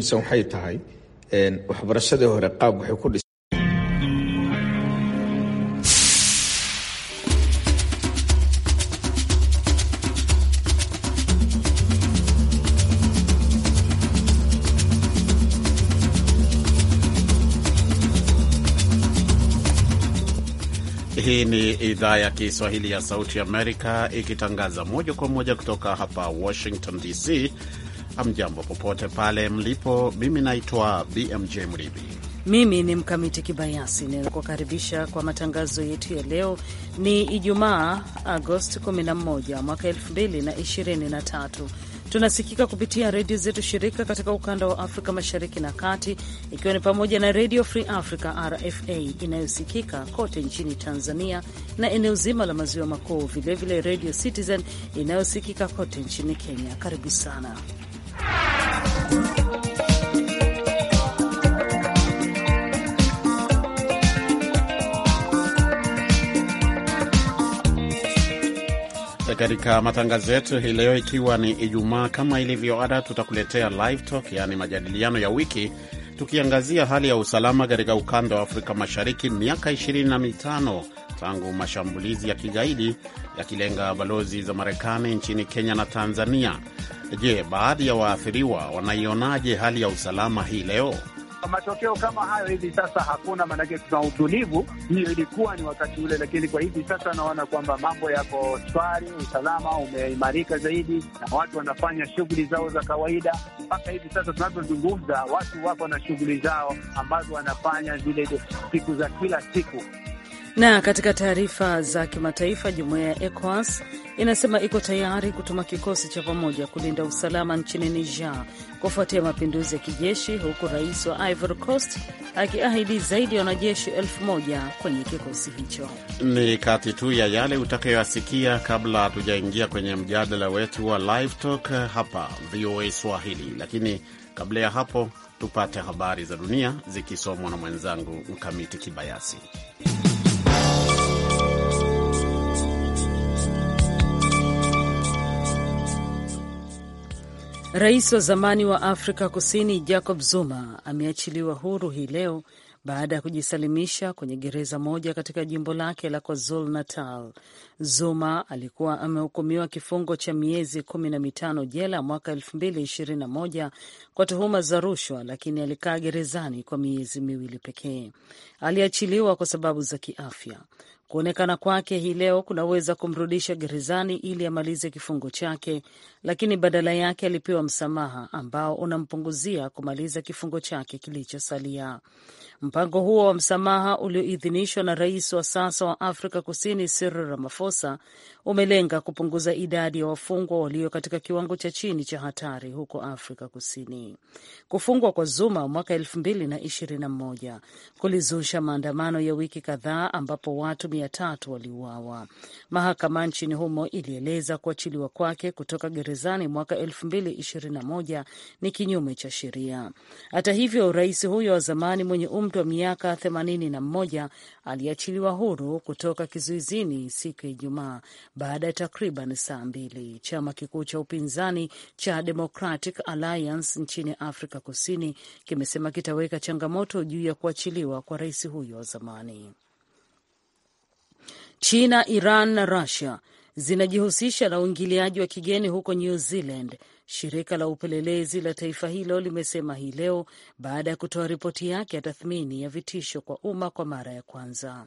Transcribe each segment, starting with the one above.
waxay tahay waxbarashadii hore qaab waxay ku dhis Hii ni idhaa ya Kiswahili ya Sauti Amerika ikitangaza moja kwa moja kutoka hapa Washington DC. Amjambo popote pale mlipo, mimi naitwa BMJ Mridhi. Mimi ni Mkamiti Kibayasi, ninakukaribisha kwa matangazo yetu ya leo. Ni Ijumaa, Agosti 11 mwaka 2023. Tunasikika kupitia redio zetu shirika katika ukanda wa Afrika mashariki na kati, ikiwa ni pamoja na Redio Free Africa RFA inayosikika kote nchini Tanzania na eneo zima la maziwa makuu, vilevile Redio Citizen inayosikika kote nchini Kenya. Karibu sana. Katika matangazo yetu hii leo, ikiwa ni Ijumaa, kama ilivyo ada, tutakuletea live talk, yaani majadiliano ya wiki tukiangazia hali ya usalama katika ukanda wa Afrika Mashariki miaka 25 tangu mashambulizi ya kigaidi yakilenga balozi za Marekani nchini Kenya na Tanzania. Je, baadhi ya waathiriwa wanaionaje hali ya usalama hii leo? matokeo kama hayo hivi sasa hakuna, maanake kuna utulivu. Hiyo ilikuwa ni wakati ule, lakini kwa hivi sasa naona kwamba mambo yako shwari, usalama umeimarika zaidi na watu wanafanya shughuli zao za kawaida. Mpaka hivi sasa tunavyozungumza, watu wako na shughuli zao ambazo wanafanya zile siku za kila siku. Na katika taarifa za kimataifa, jumuiya ya ECOWAS inasema iko tayari kutuma kikosi cha pamoja kulinda usalama nchini Niger kufuatia mapinduzi ya kijeshi, huku rais wa Ivory Coast akiahidi zaidi ya wanajeshi elfu moja kwenye kikosi hicho. Ni kati tu ya yale utakayoyasikia kabla hatujaingia kwenye mjadala wetu wa Live Talk hapa VOA Swahili, lakini kabla ya hapo tupate habari za dunia zikisomwa na mwenzangu Mkamiti Kibayasi. Rais wa zamani wa Afrika Kusini Jacob Zuma ameachiliwa huru hii leo baada ya kujisalimisha kwenye gereza moja katika jimbo lake la KwaZulu Natal. Zuma alikuwa amehukumiwa kifungo cha miezi kumi na mitano jela mwaka elfu mbili ishirini na moja kwa tuhuma za rushwa, lakini alikaa gerezani kwa miezi miwili pekee. Aliachiliwa kwa sababu za kiafya. Kuonekana kwake hii leo kunaweza kumrudisha gerezani ili amalize kifungo chake, lakini badala yake alipewa msamaha ambao unampunguzia kumaliza kifungo chake kilichosalia. Mpango huo wa msamaha ulioidhinishwa na rais wa sasa wa Afrika Kusini Cyril Ramaphosa umelenga kupunguza idadi ya wafungwa walio katika kiwango cha chini cha hatari huko Afrika Kusini. Kufungwa kwa Zuma mwaka elfu mbili na ishirini na moja kulizusha maandamano ya wiki kadhaa ambapo watu mia tatu waliuawa. Mahakama nchini humo ilieleza kuachiliwa kwake kutoka gerezani mwaka elfu mbili ishirini na moja ni kinyume cha sheria. Hata hivyo, rais huyo wa zamani mwenye umri umri wa miaka mmoja aliachiliwa huru kutoka kizuizini siku ya Ijumaa baada ya takriban saa mbili. Chama kikuu cha upinzani cha Democratic Alliance nchini Afrika Kusini kimesema kitaweka changamoto juu ya kuachiliwa kwa rais huyo wa zamani. China, Iran na Russia zinajihusisha na uingiliaji wa kigeni huko New Zealand Shirika la upelelezi la taifa hilo limesema hii leo baada ya kutoa ripoti yake ya tathmini ya vitisho kwa umma kwa mara ya kwanza.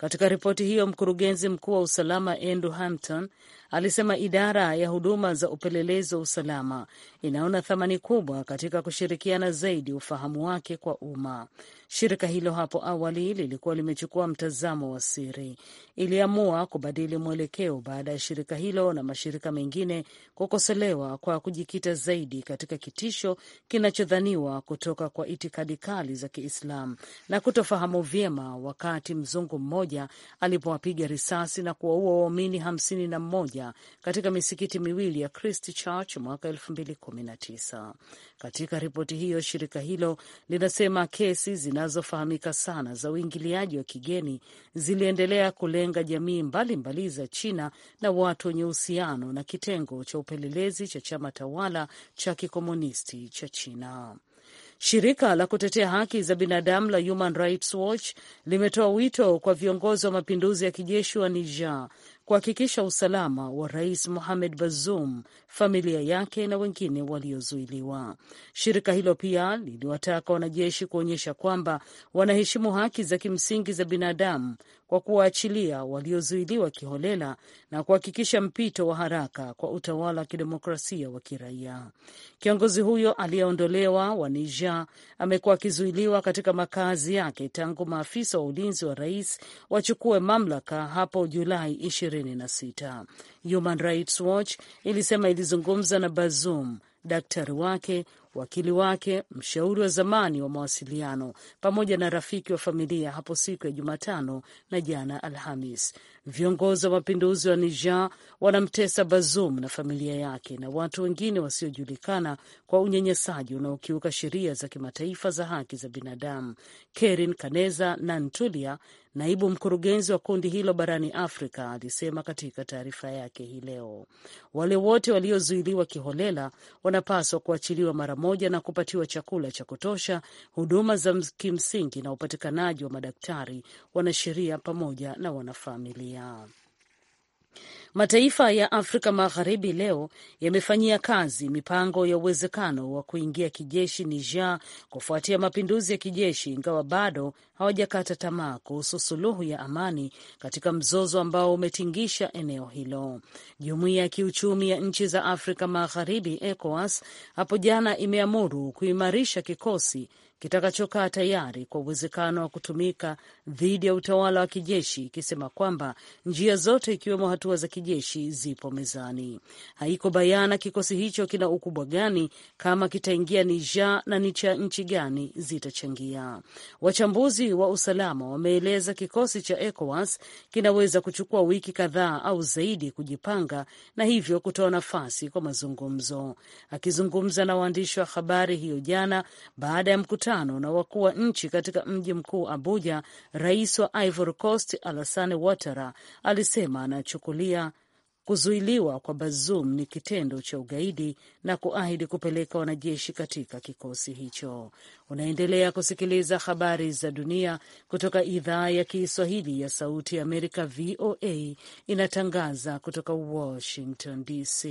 Katika ripoti hiyo, mkurugenzi mkuu wa usalama Andrew Hampton alisema idara ya huduma za upelelezi wa usalama inaona thamani kubwa katika kushirikiana zaidi ufahamu wake kwa umma. Shirika hilo hapo awali lilikuwa limechukua mtazamo wa siri, iliamua kubadili mwelekeo baada ya shirika hilo na mashirika mengine kukosolewa kwa kujikita zaidi katika kitisho kinachodhaniwa kutoka kwa itikadi kali za Kiislamu na kutofahamu vyema wakati mzungu mmoja moja alipowapiga risasi na kuwaua waumini hamsini na mmoja katika misikiti miwili ya Church mwaka elfu mbili kumi na tisa. Katika ripoti hiyo, shirika hilo linasema kesi zinazofahamika sana za uingiliaji wa kigeni ziliendelea kulenga jamii mbalimbali za China na watu wenye uhusiano na kitengo cha upelelezi cha chama tawala cha kikomunisti cha China. Shirika la kutetea haki za binadamu la Human Rights Watch limetoa wito kwa viongozi wa mapinduzi ya kijeshi wa Niger kuhakikisha usalama wa Rais Mohamed Bazoum, familia yake na wengine waliozuiliwa. Shirika hilo pia liliwataka wanajeshi kuonyesha kwamba wanaheshimu haki za kimsingi za binadamu kwa kuwaachilia waliozuiliwa kiholela na kuhakikisha mpito wa haraka kwa utawala wa kidemokrasia wa kiraia. Kiongozi huyo aliyeondolewa wa Niger amekuwa akizuiliwa katika makazi yake tangu maafisa wa ulinzi wa rais wachukue mamlaka hapo Julai 26. Human Rights Watch ilisema ilizungumza na Bazoum, daktari wake wakili wake, mshauri wa zamani wa mawasiliano, pamoja na rafiki wa familia hapo siku ya Jumatano na jana Alhamis. Viongozi wa mapinduzi wa Niger wanamtesa Bazoum na familia yake na watu wengine wasiojulikana kwa unyanyasaji unaokiuka sheria za kimataifa za haki za binadamu. Kerin Kaneza Ntulia Naibu mkurugenzi wa kundi hilo barani Afrika alisema katika taarifa yake hii leo, wale wote waliozuiliwa kiholela wanapaswa kuachiliwa mara moja na kupatiwa chakula cha kutosha, huduma za kimsingi na upatikanaji wa madaktari, wanasheria pamoja na wanafamilia. Mataifa ya Afrika Magharibi leo yamefanyia kazi mipango ya uwezekano wa kuingia kijeshi Niger kufuatia mapinduzi ya kijeshi, ingawa bado hawajakata tamaa kuhusu suluhu ya amani katika mzozo ambao umetingisha eneo hilo. Jumuiya ya Kiuchumi ya Nchi za Afrika Magharibi, ECOWAS, hapo jana imeamuru kuimarisha kikosi kitakachokaa tayari kwa uwezekano wa kutumika dhidi ya utawala wa kijeshi, ikisema kwamba njia zote ikiwemo hatua za kijeshi zipo mezani. Haiko bayana kikosi hicho kina ukubwa gani, kama kitaingia Niger na ni cha nchi gani zitachangia. Wachambuzi wa usalama wameeleza kikosi cha ECOWAS kinaweza kuchukua wiki kadhaa au zaidi kujipanga na hivyo kutoa nafasi kwa mazungumzo. Akizungumza na waandishi wa habari hiyo jana baada ya mkutano mkutano na wakuu wa nchi katika mji mkuu Abuja, rais wa Ivory Coast Alassane Ouattara alisema anachukulia kuzuiliwa kwa Bazoum ni kitendo cha ugaidi na kuahidi kupeleka wanajeshi katika kikosi hicho. Unaendelea kusikiliza habari za dunia kutoka idhaa ya Kiswahili ya Sauti ya Amerika, VOA, inatangaza kutoka Washington DC.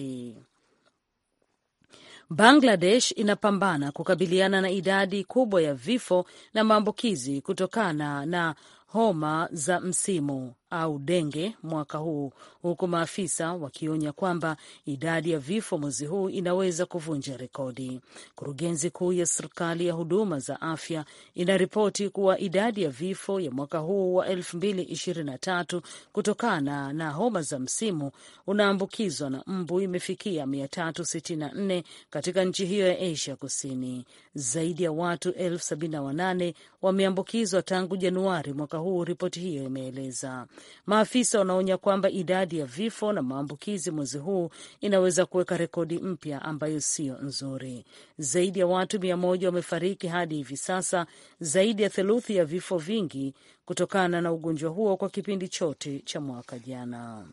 Bangladesh inapambana kukabiliana na idadi kubwa ya vifo na maambukizi kutokana na homa za msimu au denge mwaka huu, huku maafisa wakionya kwamba idadi ya vifo mwezi huu inaweza kuvunja rekodi. Kurugenzi kuu ya serikali ya huduma za afya inaripoti kuwa idadi ya vifo ya mwaka huu wa 2023 kutokana na homa za msimu unaambukizwa na mbu imefikia 364 katika nchi hiyo ya Asia Kusini. Zaidi ya watu 78 wameambukizwa tangu Januari mwaka huu, ripoti hiyo imeeleza. Maafisa wanaonya kwamba idadi ya vifo na maambukizi mwezi huu inaweza kuweka rekodi mpya ambayo siyo nzuri. Zaidi ya watu mia moja wamefariki hadi hivi sasa, zaidi ya theluthi ya vifo vingi kutokana na ugonjwa huo kwa kipindi chote cha mwaka jana.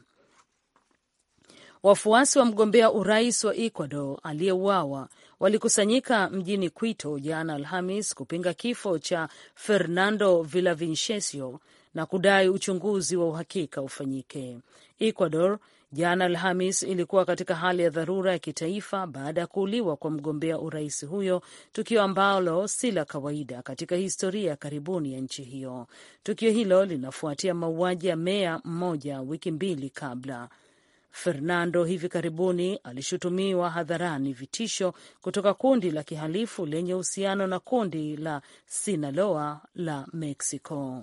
Wafuasi wa mgombea urais wa Ecuador aliyeuawa walikusanyika mjini Quito jana Alhamis kupinga kifo cha Fernando Villavicencio, na kudai uchunguzi wa uhakika ufanyike. Ecuador jana Alhamis ilikuwa katika hali ya dharura ya kitaifa baada ya kuuliwa kwa mgombea urais huyo, tukio ambalo si la kawaida katika historia ya karibuni ya nchi hiyo. Tukio hilo linafuatia mauaji ya meya mmoja wiki mbili kabla. Fernando hivi karibuni alishutumiwa hadharani vitisho kutoka kundi la kihalifu lenye uhusiano na kundi la Sinaloa la Mexico.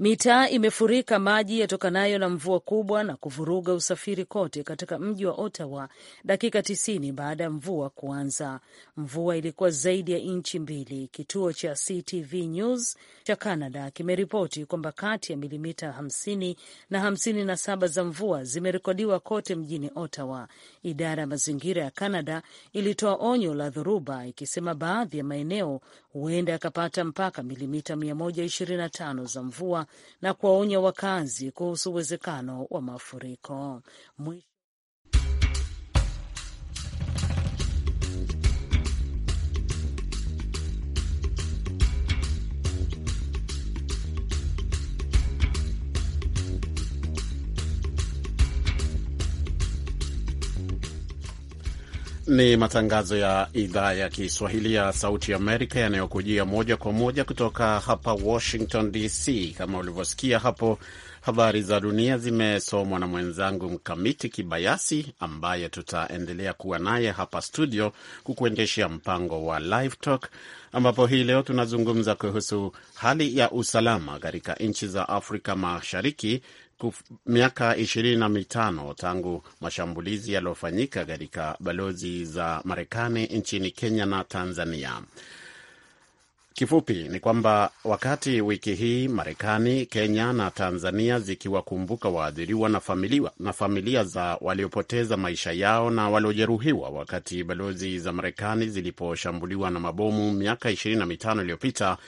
Mitaa imefurika maji yatokanayo na mvua kubwa na kuvuruga usafiri kote katika mji wa Ottawa dakika tisini baada ya mvua kuanza. Mvua ilikuwa zaidi ya inchi mbili. Kituo cha CTV News cha Canada kimeripoti kwamba kati ya milimita 50 na 57 za mvua zimerekodiwa kote mjini Ottawa. Idara ya mazingira ya Canada ilitoa onyo la dhoruba ikisema baadhi ya maeneo huenda yakapata mpaka milimita 125 za mvua na kuwaonya wakazi kuhusu uwezekano wa mafuriko Mwisho. Ni matangazo ya idhaa ya Kiswahili ya Sauti Amerika yanayokujia moja kwa moja kutoka hapa Washington DC. Kama ulivyosikia hapo, habari za dunia zimesomwa na mwenzangu Mkamiti Kibayasi, ambaye tutaendelea kuwa naye hapa studio kukuendeshea mpango wa Live Talk, ambapo hii leo tunazungumza kuhusu hali ya usalama katika nchi za Afrika Mashariki kuf, miaka ishirini na mitano tangu mashambulizi yaliyofanyika katika balozi za Marekani nchini Kenya na Tanzania. Kifupi ni kwamba wakati wiki hii Marekani, Kenya na Tanzania zikiwakumbuka waadhiriwa na familia, na familia za waliopoteza maisha yao na waliojeruhiwa wakati balozi za Marekani ziliposhambuliwa na mabomu miaka 25 iliyopita,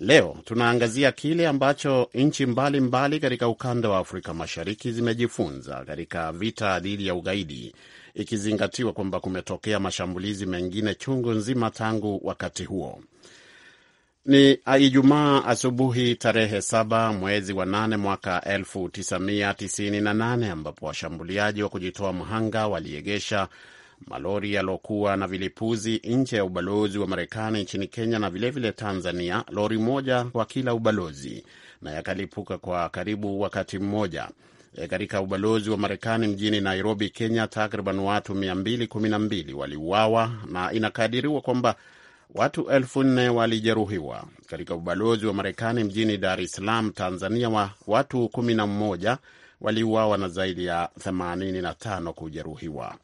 Leo tunaangazia kile ambacho nchi mbalimbali katika ukanda wa Afrika Mashariki zimejifunza katika vita dhidi ya ugaidi, ikizingatiwa kwamba kumetokea mashambulizi mengine chungu nzima tangu wakati huo. Ni Ijumaa asubuhi tarehe saba mwezi wa nane mwaka 1998 ambapo washambuliaji wa kujitoa mhanga waliegesha malori yaliokuwa na vilipuzi nje ya ubalozi wa Marekani nchini Kenya na vilevile vile Tanzania, lori moja kwa kila ubalozi, na yakalipuka kwa karibu wakati mmoja. E, katika ubalozi wa Marekani mjini Nairobi, Kenya, takriban watu 212 waliuawa na inakadiriwa kwamba watu elfu nne walijeruhiwa. Katika ubalozi wa Marekani mjini Dar es Salaam, Tanzania, wa watu 11 waliuawa na zaidi ya 85 kujeruhiwa.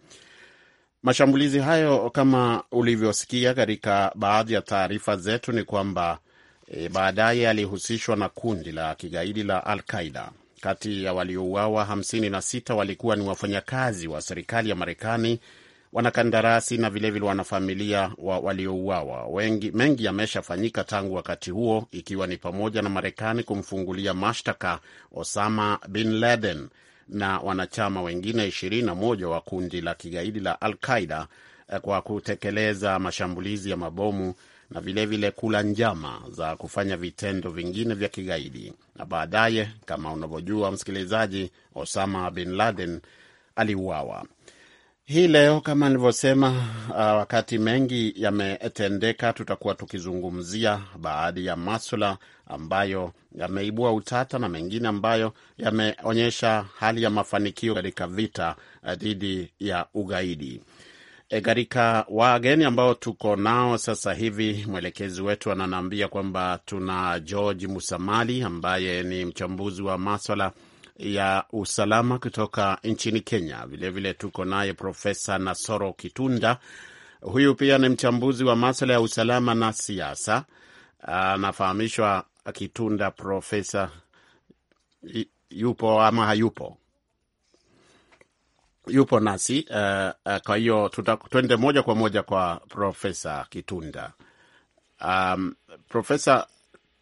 Mashambulizi hayo kama ulivyosikia katika baadhi ya taarifa zetu ni kwamba e, baadaye yalihusishwa na kundi la kigaidi la Al Qaida. Kati ya waliouawa 56 walikuwa ni wafanyakazi wa serikali ya Marekani, wanakandarasi na vilevile wanafamilia wa waliouawa Mengi yameshafanyika tangu wakati huo, ikiwa ni pamoja na Marekani kumfungulia mashtaka Osama bin Laden na wanachama wengine 21 wa kundi la kigaidi la Al Qaida eh, kwa kutekeleza mashambulizi ya mabomu na vilevile vile kula njama za kufanya vitendo vingine vya kigaidi. Na baadaye, kama unavyojua msikilizaji, Osama bin Laden aliuawa. Hii leo kama nilivyosema, uh, wakati mengi yametendeka, tutakuwa tukizungumzia baadhi ya maswala ambayo yameibua utata na mengine ambayo yameonyesha hali ya mafanikio katika vita uh, dhidi ya ugaidi. E, katika wageni ambao tuko nao sasa hivi, mwelekezi wetu ananiambia kwamba tuna George Musamali ambaye ni mchambuzi wa maswala ya usalama kutoka nchini Kenya. Vilevile tuko naye Profesa Nasoro Kitunda, huyu pia ni mchambuzi wa masuala ya usalama na siasa. Anafahamishwa Kitunda profesa yupo ama hayupo? Yupo nasi uh, kwa hiyo tuende moja kwa moja kwa Profesa Kitunda. Um, Profesa,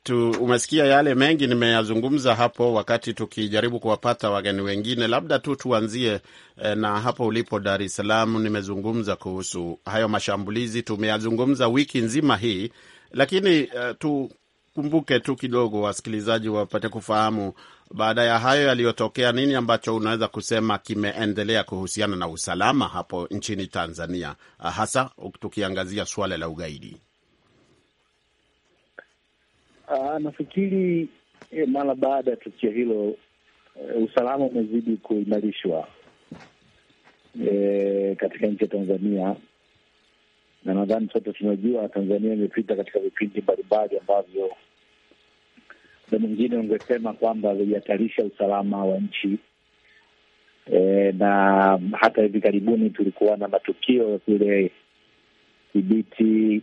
tu, umesikia yale mengi nimeyazungumza hapo wakati tukijaribu kuwapata wageni wengine. Labda tu tuanzie e, na hapo ulipo Dar es Salaam. Nimezungumza kuhusu hayo mashambulizi, tumeyazungumza wiki nzima hii, lakini e, tukumbuke tu kidogo, wasikilizaji wapate kufahamu baada ya hayo yaliyotokea, nini ambacho unaweza kusema kimeendelea kuhusiana na usalama hapo nchini Tanzania, hasa tukiangazia suala la ugaidi. Ah, nafikiri eh, mara baada ya tukio hilo eh, usalama umezidi kuimarishwa eh, katika nchi ya Tanzania, na nadhani sote tunajua Tanzania imepita katika vipindi mbalimbali ambavyo na mwingine ungesema kwamba vilihatarisha usalama wa nchi e, na hata hivi karibuni tulikuwa na matukio kule Kibiti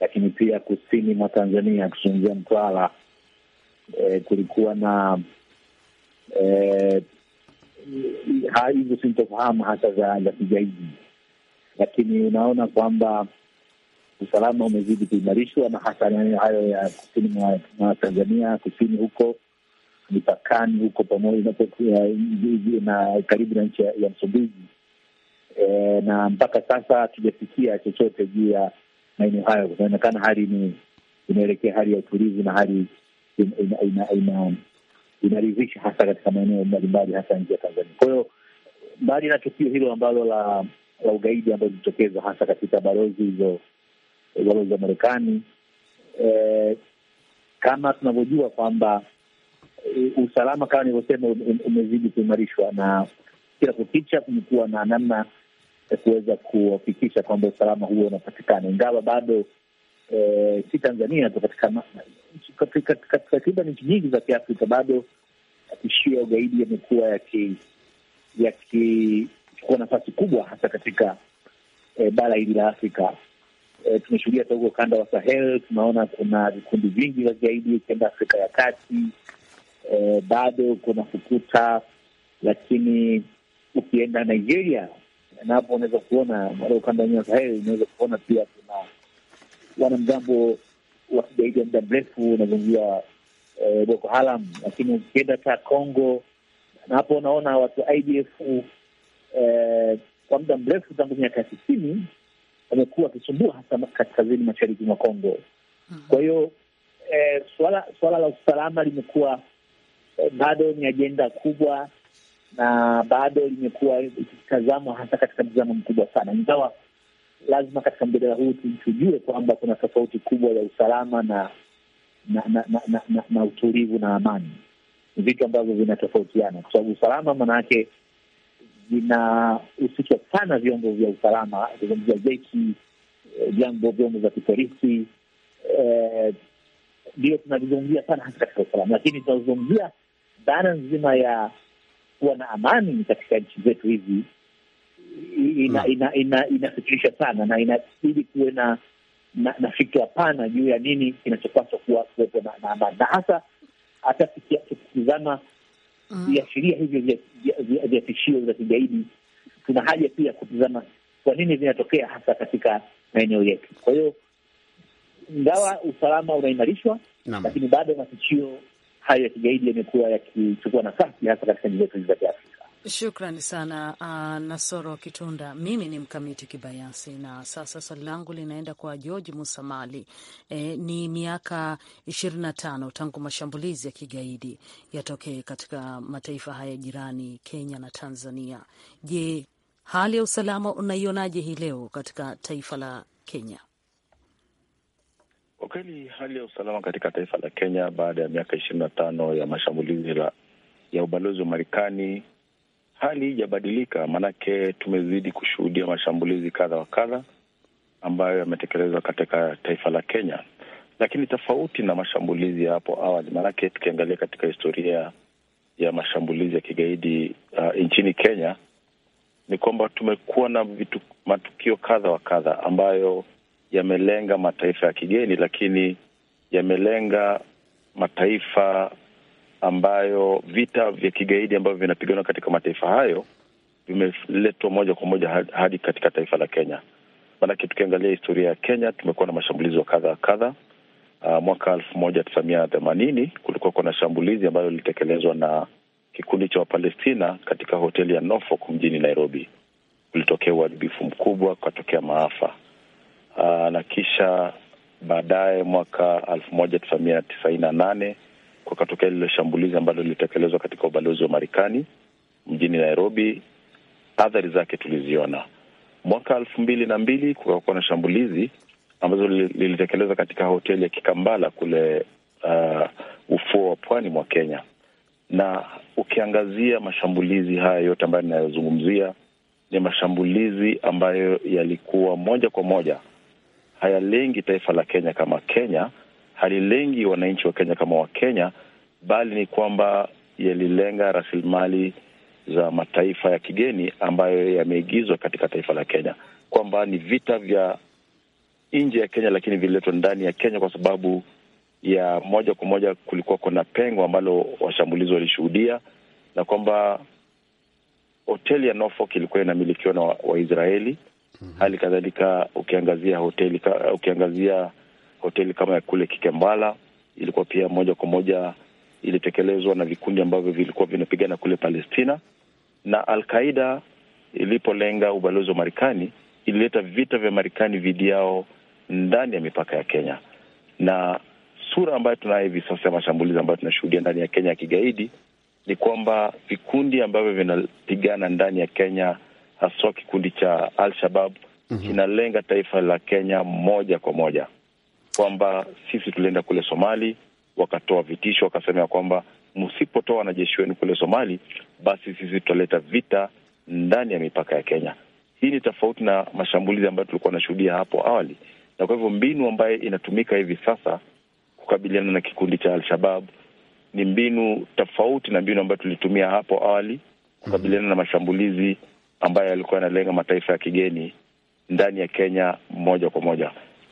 lakini pia kusini mwa Tanzania, kuzungumzia Mtwara e, kulikuwa na hizo eh, sintofahamu hasa za, za kigaidi, lakini unaona kwamba usalama umezidi kuimarishwa na hasa hayo ya kusini mwa Tanzania, kusini huko mipakani huko pamoja na karibu na nchi ya Msumbiji e, na mpaka sasa hatujafikia chochote juu ya maeneo hayo. kunaonekana hali ni inaelekea hali ya utulivu na hali inaridhisha hasa katika maeneo mbalimbali hasa nje ya Tanzania. Kwa hiyo mbali na tukio hilo ambalo la la ugaidi ambayo zilitokeza hasa katika balozi hizo balozi za Marekani e, kama tunavyojua kwamba eh, usalama kama nilivyosema umezidi kuimarishwa na kila kukicha kumekuwa na namna kuweza kuhakikisha kwamba usalama huo unapatikana, ingawa bado eh, si Tanzania tu, katika takriban nchi nyingi za Kiafrika bado tishio ya ugaidi yamekuwa yakichukua nafasi kubwa, hasa katika eh, bara hili la Afrika. E, tumeshuhudia hata huko ukanda wa Sahel, tunaona kuna vikundi vingi vya zaidi. Ukienda Afrika ya Kati e, bado kuna fukuta, lakini ukienda Nigeria na hapo unaweza kuona baada ukanda wenyewe wa unaweza kuona pia kuna wanamgambo wa kigaidi ya muda mrefu, unazungumzia eh, Boko Haram, lakini ukienda ta Congo na hapo unaona watu wa IDF eh, kwa muda mrefu tangu miaka ya tisini wamekuwa wakisumbua hasa kaskazini mashariki mwa congo mhm. Kwa hiyo eh, suala suala la usalama limekuwa bado ni ajenda kubwa na bado limekuwa ikitazamwa hasa katika mtazamo mkubwa sana, ingawa lazima katika mjadala huu tujue kwamba kuna tofauti kubwa ya usalama na na na, na, na, na, na utulivu na amani, vitu ambavyo vinatofautiana, kwa sababu usalama maanayake vinahusishwa sana vyombo vya usalama, kuzungumzia jeshi, eh, vyombo vyombo vya kipolisi eh, ndio tunavizungumzia sana hasa katika usalama, lakini tunazungumzia dhana nzima ya kuwa na amani katika nchi zetu hizi ina, hmm. ina, ina, inasikirisha sana na inabidi kuwe na na, na fikra pana juu ya nini kinachopaswa kuwa kuwepo na amani, na hasa hata tukitizama hmm. viashiria hivyo vya tishio za kigaidi, tuna haja pia kutizama kwa nini vinatokea hasa katika maeneo yetu. Kwa hiyo ingawa usalama unaimarishwa, lakini bado matishio hayo ya kigaidi yamekuwa yakichukua nafasi hasa katika nchi zetu za Kiafrika. Shukrani sana uh, Nasoro Kitunda. Mimi ni Mkamiti Kibayasi, na sasa swali langu linaenda kwa George Musamali. E, ni miaka ishirini na tano tangu mashambulizi ya kigaidi yatokee katika mataifa haya jirani, Kenya na Tanzania. Je, hali ya usalama unaionaje hii leo katika taifa la Kenya? Kwa kweli hali ya usalama katika taifa la Kenya baada ya miaka ishirini na tano ya mashambulizi ya ubalozi wa Marekani hali ijabadilika maanake tumezidi kushuhudia mashambulizi kadha wa kadha ambayo yametekelezwa katika taifa la Kenya, lakini tofauti na mashambulizi ya hapo awali, maanake tukiangalia katika historia ya mashambulizi ya kigaidi uh, nchini Kenya ni kwamba tumekuwa na vitu, matukio kadha wa kadha ambayo yamelenga mataifa ya kigeni, lakini yamelenga mataifa ambayo vita vya kigaidi ambavyo vinapiganwa katika mataifa hayo vimeletwa moja kwa moja hadi katika taifa la Kenya. Maanake tukiangalia historia ya Kenya, tumekuwa na mashambulizi wa kadha wa kadha. Uh, mwaka elfu moja tisa mia themanini kulikuwa kuna shambulizi ambalo lilitekelezwa na kikundi cha Wapalestina katika hoteli ya Norfolk mjini Nairobi. Kulitokea uharibifu mkubwa, kukatokea maafa. Ah, na kisha baadaye mwaka elfu moja tisa mia tisaini na nane kukatokea lile shambulizi ambalo lilitekelezwa katika ubalozi wa Marekani mjini Nairobi. Athari zake tuliziona mwaka elfu mbili na mbili kukakuwa na shambulizi ambazo lilitekelezwa katika hoteli ya Kikambala kule uh, ufuo wa pwani mwa Kenya. Na ukiangazia mashambulizi haya yote ambayo ninayozungumzia, ni mashambulizi ambayo yalikuwa moja kwa moja hayalengi taifa la Kenya kama Kenya, halilengi wananchi wa Kenya kama Wakenya, bali ni kwamba yalilenga rasilimali za mataifa ya kigeni ambayo yameigizwa katika taifa la Kenya, kwamba ni vita vya nje ya Kenya lakini vililetwa ndani ya Kenya kwa sababu ya moja kwa moja kulikuwa kuna pengo ambalo washambulizi walishuhudia, na kwamba hoteli ya Norfolk ilikuwa inamilikiwa na Waisraeli wa -hmm. Hali kadhalika ukiangazia hoteli ukiangazia hoteli kama ya kule Kikembala ilikuwa pia moja kwa moja ilitekelezwa na vikundi ambavyo vilikuwa vinapigana kule Palestina, na Al-Qaida ilipolenga ubalozi wa Marekani ilileta vita vya Marekani dhidi yao ndani ya mipaka ya Kenya, na sura ambayo tunayo hivi sasa ya mashambulizi ambayo tunashuhudia ndani ya Kenya ya kigaidi ni kwamba vikundi ambavyo vinapigana ndani ya Kenya haswa kikundi cha Al-Shabab mm -hmm. kinalenga taifa la Kenya moja kwa moja, kwamba sisi tulienda kule Somali, wakatoa vitisho, wakasema ya kwamba msipotoa wanajeshi wenu kule Somali, basi sisi tutaleta vita ndani ya mipaka ya Kenya. Hii ni tofauti na mashambulizi ambayo tulikuwa anashuhudia hapo awali, na kwa hivyo mbinu ambayo inatumika hivi sasa kukabiliana na kikundi cha Al-Shabab ni mbinu tofauti na mbinu ambayo tulitumia hapo awali kukabiliana mm -hmm. na mashambulizi ambayo yalikuwa yanalenga mataifa ya kigeni ndani ya Kenya moja kwa moja.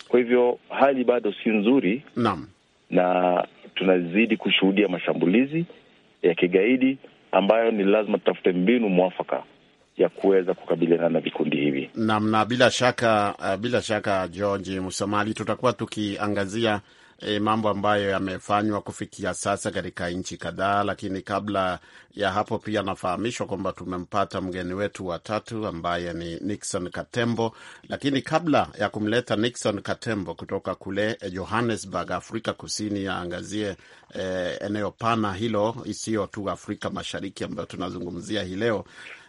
Kwa hivyo hali bado si nzuri. Naam. Na tunazidi kushuhudia mashambulizi ya kigaidi ambayo ni lazima tutafute mbinu mwafaka ya kuweza kukabiliana na vikundi hivi. Naam, na bila shaka, eh, bila shaka George Musamali, tutakuwa tukiangazia e, mambo ambayo yamefanywa kufikia sasa katika nchi kadhaa. Lakini kabla ya hapo pia nafahamishwa kwamba tumempata mgeni wetu wa tatu ambaye ni Nixon Katembo. Lakini kabla ya kumleta Nixon Katembo kutoka kule Johannesburg, Afrika Kusini, yaangazie e, eneo pana hilo, isiyo tu Afrika Mashariki ambayo tunazungumzia hii leo.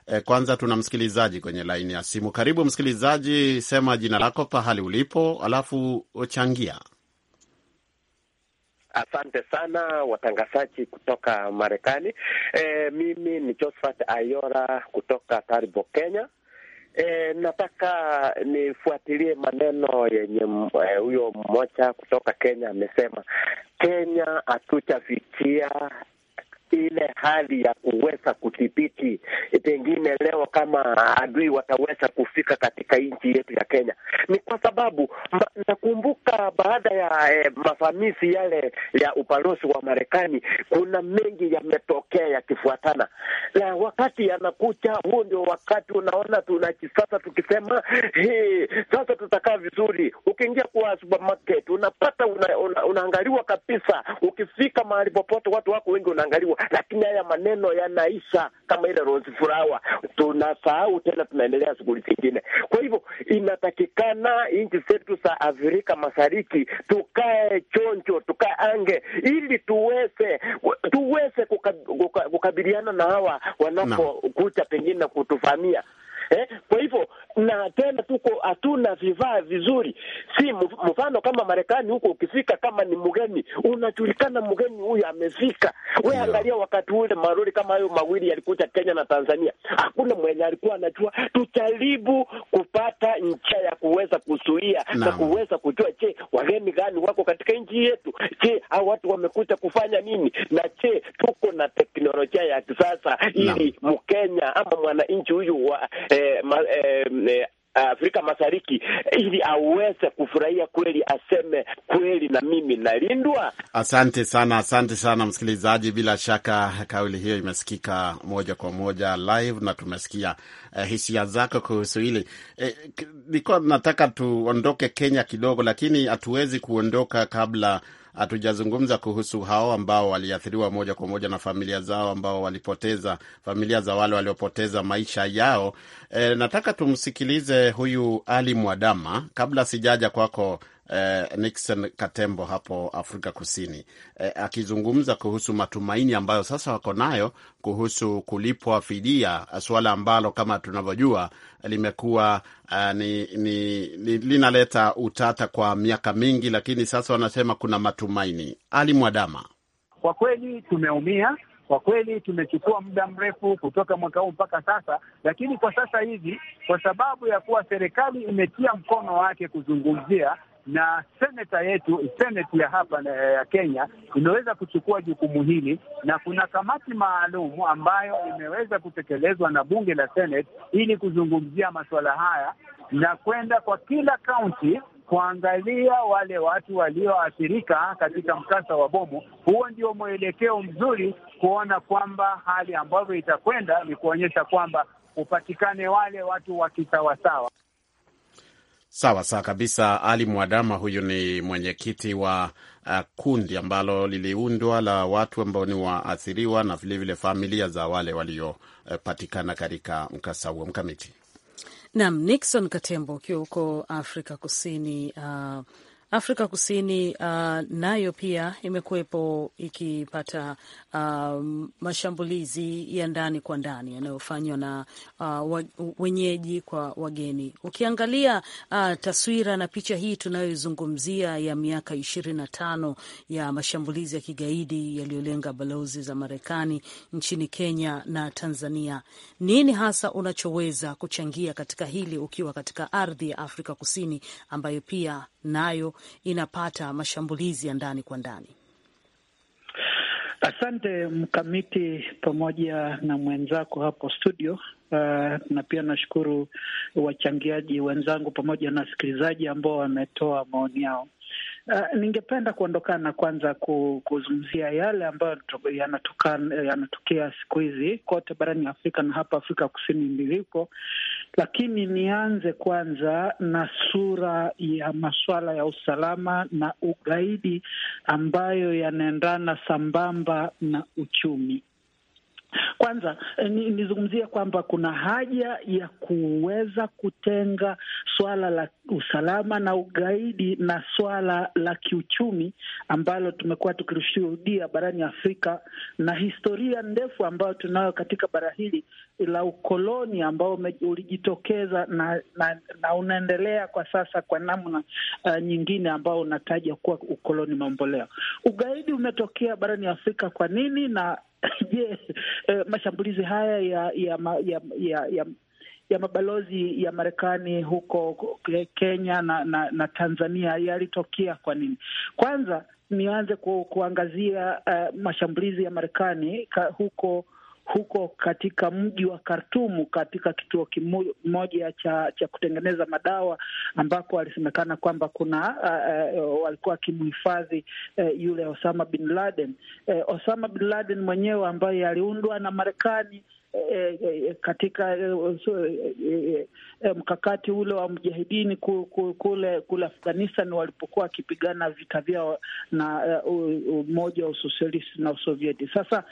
E, kwanza tuna msikilizaji kwenye laini ya simu. Karibu msikilizaji, sema jina lako, pahali ulipo, alafu uchangia. Asante sana watangazaji kutoka Marekani. E, mimi ni Josephat Ayora kutoka Taribo, Kenya. E, nataka nifuatilie maneno yenye eh, huyo mmoja kutoka Kenya amesema Kenya hatujafikia ile hali ya kuweza kudhibiti pengine leo kama adui wataweza kufika katika nchi yetu ya Kenya. Ni kwa sababu ma, nakumbuka baada ya eh, mavamizi yale ya ubalozi wa Marekani, kuna mengi yametokea yakifuatana, na wakati yanakuja, huu ndio wakati unaona tunajisasa tukisema hey, sasa tutakaa vizuri. Ukiingia kwa supermarket unapata una, una, unaangaliwa kabisa. Ukifika mahali popote, watu wako wengi unaangaliwa lakini haya maneno yanaisha kama ile rose flower, tunasahau tena, tunaendelea shughuli zingine. Kwa hivyo inatakikana nchi zetu za Afrika Mashariki tukae chonjo, tukae ange, ili tuweze tuweze kukabiliana na hawa wanapokuja pengine na kutuvamia eh? Kwa hivyo na tena tuko hatuna vifaa vizuri, si mfano kama Marekani huko, ukifika kama ni mgeni unajulikana, mgeni huyu amefika. We angalia wakati ule marori kama hayo mawili yalikuja Kenya na Tanzania, hakuna mwenye alikuwa anajua. Tujaribu kupata njia ya kuweza kuzuia na kuweza kujua, je, wageni gani wako katika nchi yetu? Je, hao watu wamekuja kufanya nini? Na je, tuko na teknolojia ya kisasa ili Mkenya ama mwananchi huyu wa eh, ma, eh, Eh, Afrika Mashariki ili aweze kufurahia kweli, aseme kweli, na mimi nalindwa. Asante sana, asante sana msikilizaji. Bila shaka kauli hiyo imesikika moja kwa moja live na tumesikia eh, hisia zako kuhusu hili. Eh, nilikuwa nataka tuondoke Kenya kidogo, lakini hatuwezi kuondoka kabla hatujazungumza kuhusu hao ambao waliathiriwa moja kwa moja na familia zao, ambao walipoteza familia za wale waliopoteza maisha yao. E, nataka tumsikilize huyu Ali Mwadama kabla sijaja kwako eh, Nixon Katembo hapo Afrika Kusini eh, akizungumza kuhusu matumaini ambayo sasa wako nayo kuhusu kulipwa fidia, suala ambalo kama tunavyojua limekuwa uh, ni, ni, ni, linaleta utata kwa miaka mingi, lakini sasa wanasema kuna matumaini. Ali Mwadama, kwa kweli tumeumia kwa kweli tumechukua muda mrefu kutoka mwaka huu mpaka sasa, lakini kwa sasa hivi, kwa sababu ya kuwa serikali imetia mkono wake kuzungumzia na seneta yetu seneti ya hapa eh, ya Kenya imeweza kuchukua jukumu hili, na kuna kamati maalum ambayo imeweza kutekelezwa na bunge la seneti ili kuzungumzia masuala haya na kwenda kwa kila kaunti kuangalia wale watu walioathirika katika mkasa wa bomu. Huo ndio mwelekeo mzuri kuona kwamba hali ambavyo itakwenda ni kuonyesha kwamba upatikane wale watu wakisawasawa. Sawa sawa kabisa. Ali Mwadama huyu ni mwenyekiti wa uh, kundi ambalo liliundwa la watu ambao ni waathiriwa na vilevile familia za wale waliopatikana uh, katika mkasa huo mkamiti. nam Nixon Katembo, ukiwa huko Afrika Kusini uh, Afrika Kusini uh, nayo pia imekuwepo ikipata uh, mashambulizi ya ndani kwa ndani yanayofanywa na uh, wenyeji kwa wageni. Ukiangalia uh, taswira na picha hii tunayoizungumzia ya miaka ishirini na tano ya mashambulizi ya kigaidi yaliyolenga balozi za Marekani nchini Kenya na Tanzania, nini hasa unachoweza kuchangia katika hili ukiwa katika ardhi ya Afrika Kusini ambayo pia nayo inapata mashambulizi ya ndani kwa ndani. Asante Mkamiti pamoja na mwenzako hapo studio. Uh, na pia nashukuru wachangiaji wenzangu pamoja na wasikilizaji ambao wametoa maoni yao. Uh, ningependa kuondokana kwanza kuzungumzia yale ambayo yanatokea siku hizi kote barani Afrika na hapa Afrika Kusini ndiliko, lakini nianze kwanza na sura ya masuala ya usalama na ugaidi ambayo yanaendana sambamba na uchumi. Kwanza eh, nizungumzie kwamba kuna haja ya kuweza kutenga swala la usalama na ugaidi na swala la kiuchumi ambalo tumekuwa tukishuhudia barani Afrika na historia ndefu ambayo tunayo katika bara hili la ukoloni ambao ulijitokeza na, na, na unaendelea kwa sasa kwa namna uh, nyingine ambao unataja kuwa ukoloni mamboleo. Ugaidi umetokea barani Afrika kwa nini na Je, uh, mashambulizi haya ya ya ya ya, ya, ya mabalozi ya Marekani huko Kenya na, na, na Tanzania yalitokea kwa nini? Kwanza nianze ku, kuangazia uh, mashambulizi ya Marekani huko huko katika mji wa Khartoum katika kituo kimoja cha cha kutengeneza madawa ambako alisemekana kwamba kuna uh, uh, walikuwa wakimhifadhi uh, yule Osama bin Laden. Uh, Osama bin Laden mwenyewe ambaye aliundwa na Marekani e, e, katika e, e, e, mkakati ule wa mjahidini kule kule Afghanistan walipokuwa wakipigana vita vyao na eh, umoja wa usosialisti na Usovieti. Sasa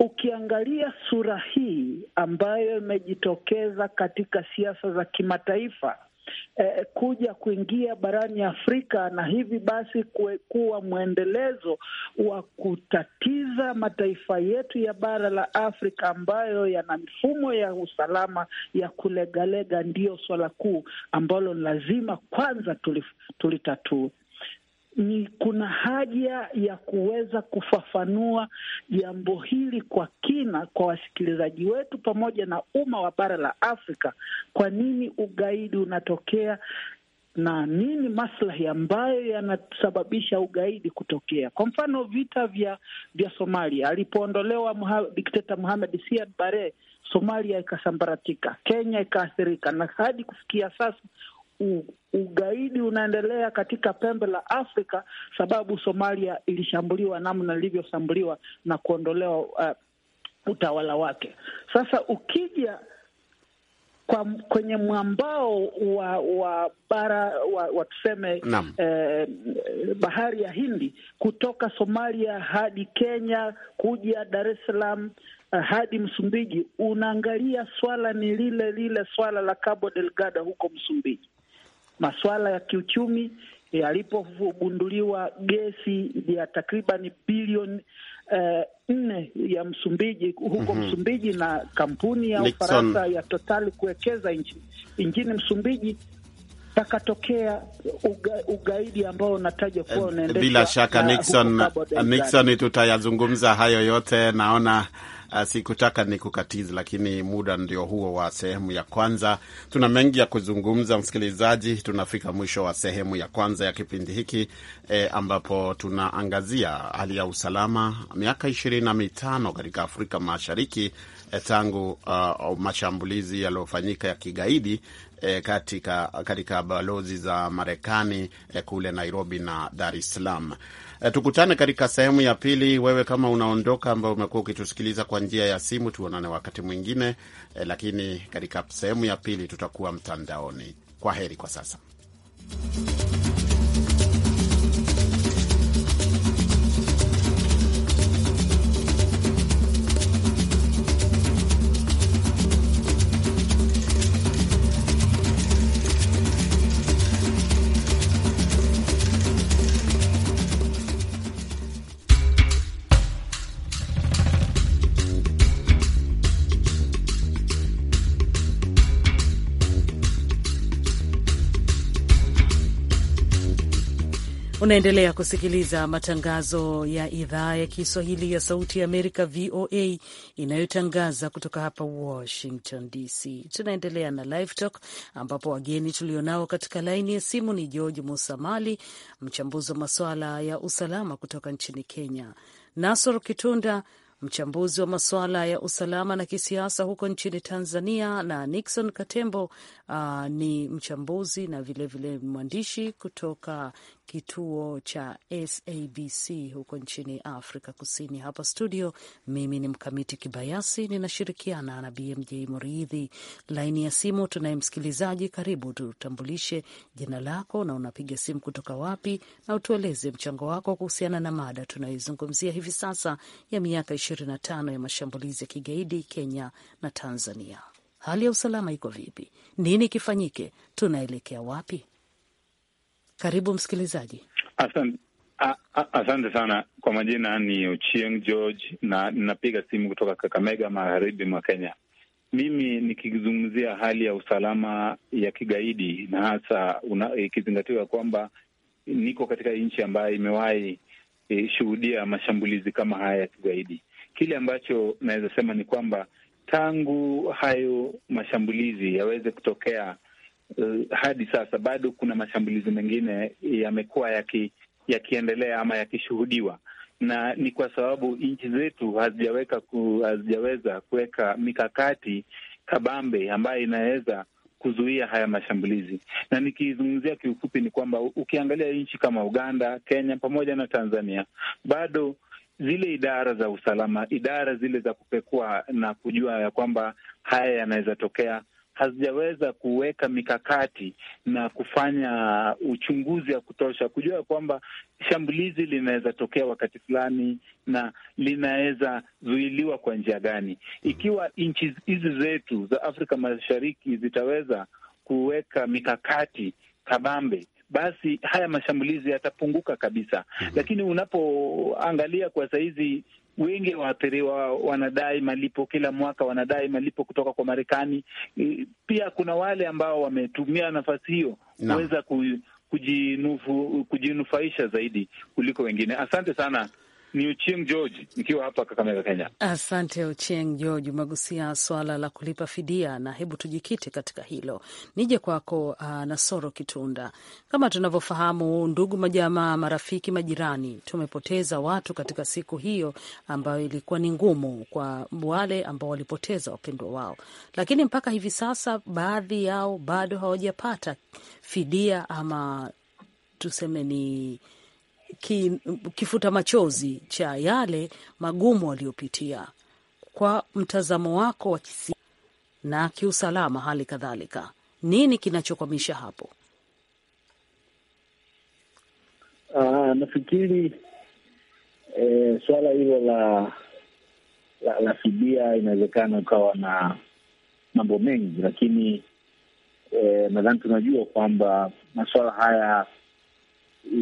ukiangalia sura hii ambayo imejitokeza katika siasa za kimataifa eh, kuja kuingia barani Afrika na hivi basi kuwa mwendelezo wa kutatiza mataifa yetu ya bara la Afrika ambayo yana mifumo ya usalama ya kulegalega. Ndiyo swala kuu ambalo lazima kwanza tulitatue ni kuna haja ya kuweza kufafanua jambo hili kwa kina kwa wasikilizaji wetu pamoja na umma wa bara la Afrika. Kwa nini ugaidi unatokea na nini maslahi ambayo yanasababisha ugaidi kutokea? Kwa mfano vita vya vya Somalia, alipoondolewa dikteta Muhamed Siad Barre, Somalia ikasambaratika, Kenya ikaathirika, na hadi kufikia sasa ugaidi unaendelea katika pembe la Afrika, sababu Somalia ilishambuliwa namna ilivyoshambuliwa na kuondolewa uh, utawala wake. Sasa ukija kwa kwenye mwambao wa wa bara wa, wa tuseme eh, bahari ya Hindi kutoka Somalia hadi Kenya kuja Dar es Salaam eh, hadi Msumbiji, unaangalia swala ni lile lile swala la Cabo Delgado huko Msumbiji masuala ya kiuchumi yalipogunduliwa gesi ya takriban bilioni eh, nne uh, ya Msumbiji huko mm -hmm. Msumbiji na kampuni ya Ufaransa ya Total kuwekeza nchini Msumbiji pakatokea uga, ugaidi ambao unataja kuwa eh, unaendelea. Bila shaka Nixon, Nixon tutayazungumza hayo yote naona Ah, sikutaka ni kukatiza, lakini muda ndio huo wa sehemu ya kwanza. Tuna mengi ya kuzungumza, msikilizaji. Tunafika mwisho wa sehemu ya kwanza ya kipindi hiki e, ambapo tunaangazia hali ya usalama miaka ishirini na mitano katika Afrika Mashariki eh, tangu uh, mashambulizi yaliyofanyika ya kigaidi eh, katika, katika balozi za Marekani eh, kule Nairobi na Dar es Salaam. Eh, tukutane katika sehemu ya pili. Wewe kama unaondoka, ambao umekuwa ukitusikiliza kwa njia ya simu, tuonane wakati mwingine e, lakini katika sehemu ya pili tutakuwa mtandaoni. Kwa heri kwa sasa. Unaendelea kusikiliza matangazo ya idhaa ya Kiswahili ya Sauti ya Amerika, VOA, inayotangaza kutoka hapa Washington DC. Tunaendelea na Live Talk ambapo wageni tulionao katika laini ya simu ni George Musamali, mchambuzi wa masuala ya usalama kutoka nchini Kenya, Nasor Kitunda, mchambuzi wa masuala ya usalama na kisiasa huko nchini Tanzania, na Nixon Katembo, uh, ni mchambuzi na vilevile mwandishi kutoka kituo cha SABC huko nchini Afrika Kusini. Hapa studio, mimi ni Mkamiti Kibayasi, ninashirikiana na BMJ Muridhi. Laini ya simu tunaye msikilizaji. Karibu, tutambulishe jina lako na unapiga simu kutoka wapi, na utueleze mchango wako kuhusiana na mada tunayoizungumzia hivi sasa ya miaka tano ya mashambulizi ya kigaidi Kenya na Tanzania hali ya usalama iko vipi, nini kifanyike, tunaelekea wapi? Karibu msikilizaji. Asante, asante sana. Kwa majina ni Uchieng George na ninapiga simu kutoka Kakamega, magharibi mwa Kenya. Mimi nikizungumzia hali ya usalama ya kigaidi na hasa ikizingatiwa kwamba niko katika nchi ambayo imewahi e, shuhudia mashambulizi kama haya ya kigaidi, kile ambacho naweza sema ni kwamba tangu hayo mashambulizi yaweze kutokea uh, hadi sasa bado kuna mashambulizi mengine yamekuwa yaki, yakiendelea ama yakishuhudiwa, na ni kwa sababu nchi zetu hazijaweka ku, hazijaweza kuweka mikakati kabambe ambayo inaweza kuzuia haya mashambulizi. Na nikizungumzia kiufupi, ni kwamba ukiangalia nchi kama Uganda, Kenya pamoja na Tanzania bado zile idara za usalama, idara zile za kupekua na kujua ya kwamba haya yanaweza tokea, hazijaweza kuweka mikakati na kufanya uchunguzi wa kutosha kujua ya kwamba shambulizi linaweza tokea wakati fulani na linaweza zuiliwa kwa njia gani. Ikiwa nchi hizi zetu za Afrika Mashariki zitaweza kuweka mikakati kabambe basi haya mashambulizi yatapunguka kabisa. mm -hmm. Lakini unapoangalia kwa sahizi wengi waathiriwa wanadai malipo kila mwaka, wanadai malipo kutoka kwa Marekani. Pia kuna wale ambao wametumia nafasi hiyo kuweza ku, kujinufu, kujinufaisha zaidi kuliko wengine. Asante sana ni Uchieng George nikiwa hapa Kakamega, Kenya. Asante Uchieng George, umegusia swala la kulipa fidia, na hebu tujikite katika hilo. Nije kwako uh, Nasoro Kitunda. Kama tunavyofahamu, ndugu, majamaa, marafiki, majirani, tumepoteza watu katika siku hiyo ambayo ilikuwa ni ngumu kwa wale ambao walipoteza wapendwa wao, lakini mpaka hivi sasa baadhi yao bado hawajapata fidia ama tuseme ni ki, kifuta machozi cha yale magumu waliopitia. Kwa mtazamo wako wa kisiasa na kiusalama, hali kadhalika, nini kinachokwamisha hapo? Uh, nafikiri eh, suala hilo la la, la fidia inawezekana ukawa na mambo mengi, lakini eh, nadhani tunajua kwamba masuala haya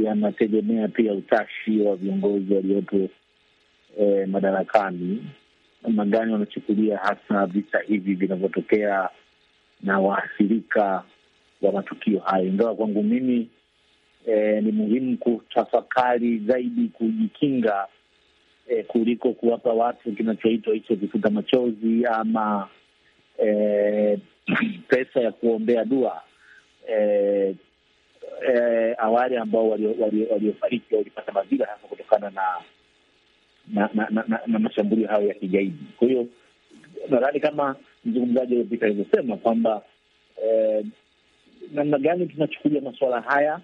yanategemea pia utashi wa viongozi waliopo e, madarakani namna gani wanachukulia hasa visa hivi vinavyotokea na waathirika wa matukio hayo. Ingawa kwangu mimi e, ni muhimu kutafakari zaidi kujikinga e, kuliko kuwapa watu kinachoitwa hicho kifuta machozi ama e, pesa ya kuombea dua e, eh, awali ambao waliofariki walipata madhira hasa kutokana na na, na, na, na, na mashambulio hayo ya kigaidi. Kwa hiyo nadhani kama mzungumzaji aliopita alivyosema kwamba eh, namna gani tunachukulia masuala haya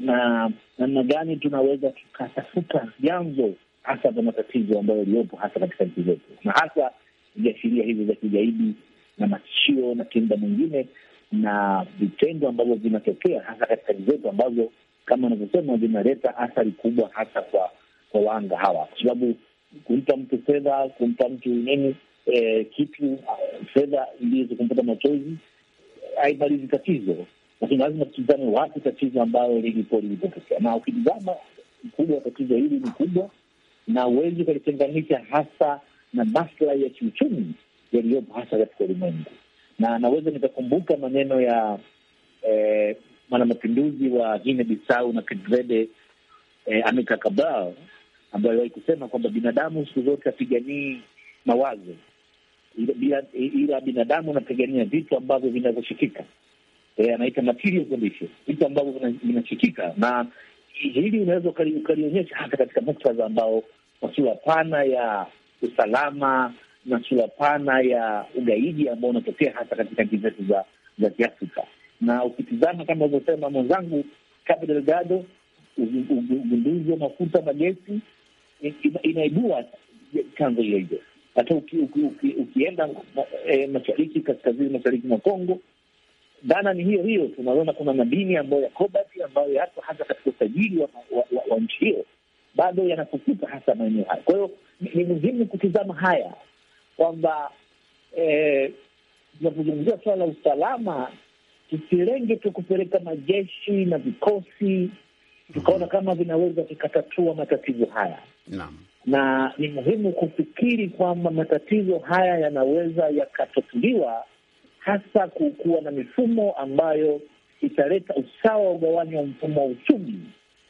na namna gani tunaweza tukatafuta vyanzo hasa vya matatizo ambayo yaliyopo hasa katika nchi zetu, na hasa viashiria hizi vya kigaidi na matishio na kinda mwingine na vitendo ambavyo vinatokea hasa katika nchi zetu ambavyo kama unavyosema vinaleta athari kubwa hasa kwa kwa wanga hawa, kwa sababu kumpa mtu fedha, kumpa mtu nini, e, kitu fedha iliweze kumpata machozi haimalizi tatizo, lakini lazima tutizame wapi tatizo ambayo lilipo lilipotokea, na ukitizama kubwa tatizo hili ni kubwa, na uwezi ukalitenganisha hasa na maslahi ya kiuchumi yaliyopo hasa katika ulimwengu na naweza nikakumbuka maneno ya eh, mwanamapinduzi wa Guinea Bisau na Kidrede eh, Amilcar ambayo aliwahi kusema kwamba binadamu siku zote apiganii mawazo ila, ila binadamu anapigania vitu ambavyo vinavyoshikika. eh, anaita material condition, vitu ambavyo vinashikika, na hili unaweza ukalionyesha hata katika muktadha ambao wakiwa pana ya usalama sura pana ya ugaidi ambao unatokea hasa katika nchi zetu za za Kiafrika. Na ukitizama kama alivyosema mwenzangu Cabo Delgado, ugunduzi wa mafuta magesi inaibua chanzo hiyo hiyo. Hata ukienda eh, mashariki, kaskazini mashariki mwa Kongo, dhana ni hiyo hiyo. Tunaona kuna madini ambayo ya cobalt ambayo yako hasa katika usajili wa nchi hiyo, bado yanafukuta hasa maeneo haya. Kwa hiyo ni muhimu kutizama haya kwamba tunapozungumzia eh, suala la usalama tusilenge tu kupeleka majeshi na vikosi tukaona kama vinaweza vikatatua matatizo haya Naam. na ni muhimu kufikiri kwamba matatizo haya yanaweza yakatatuliwa hasa kuwa na mifumo ambayo italeta usawa wa ugawanyi wa mfumo wa uchumi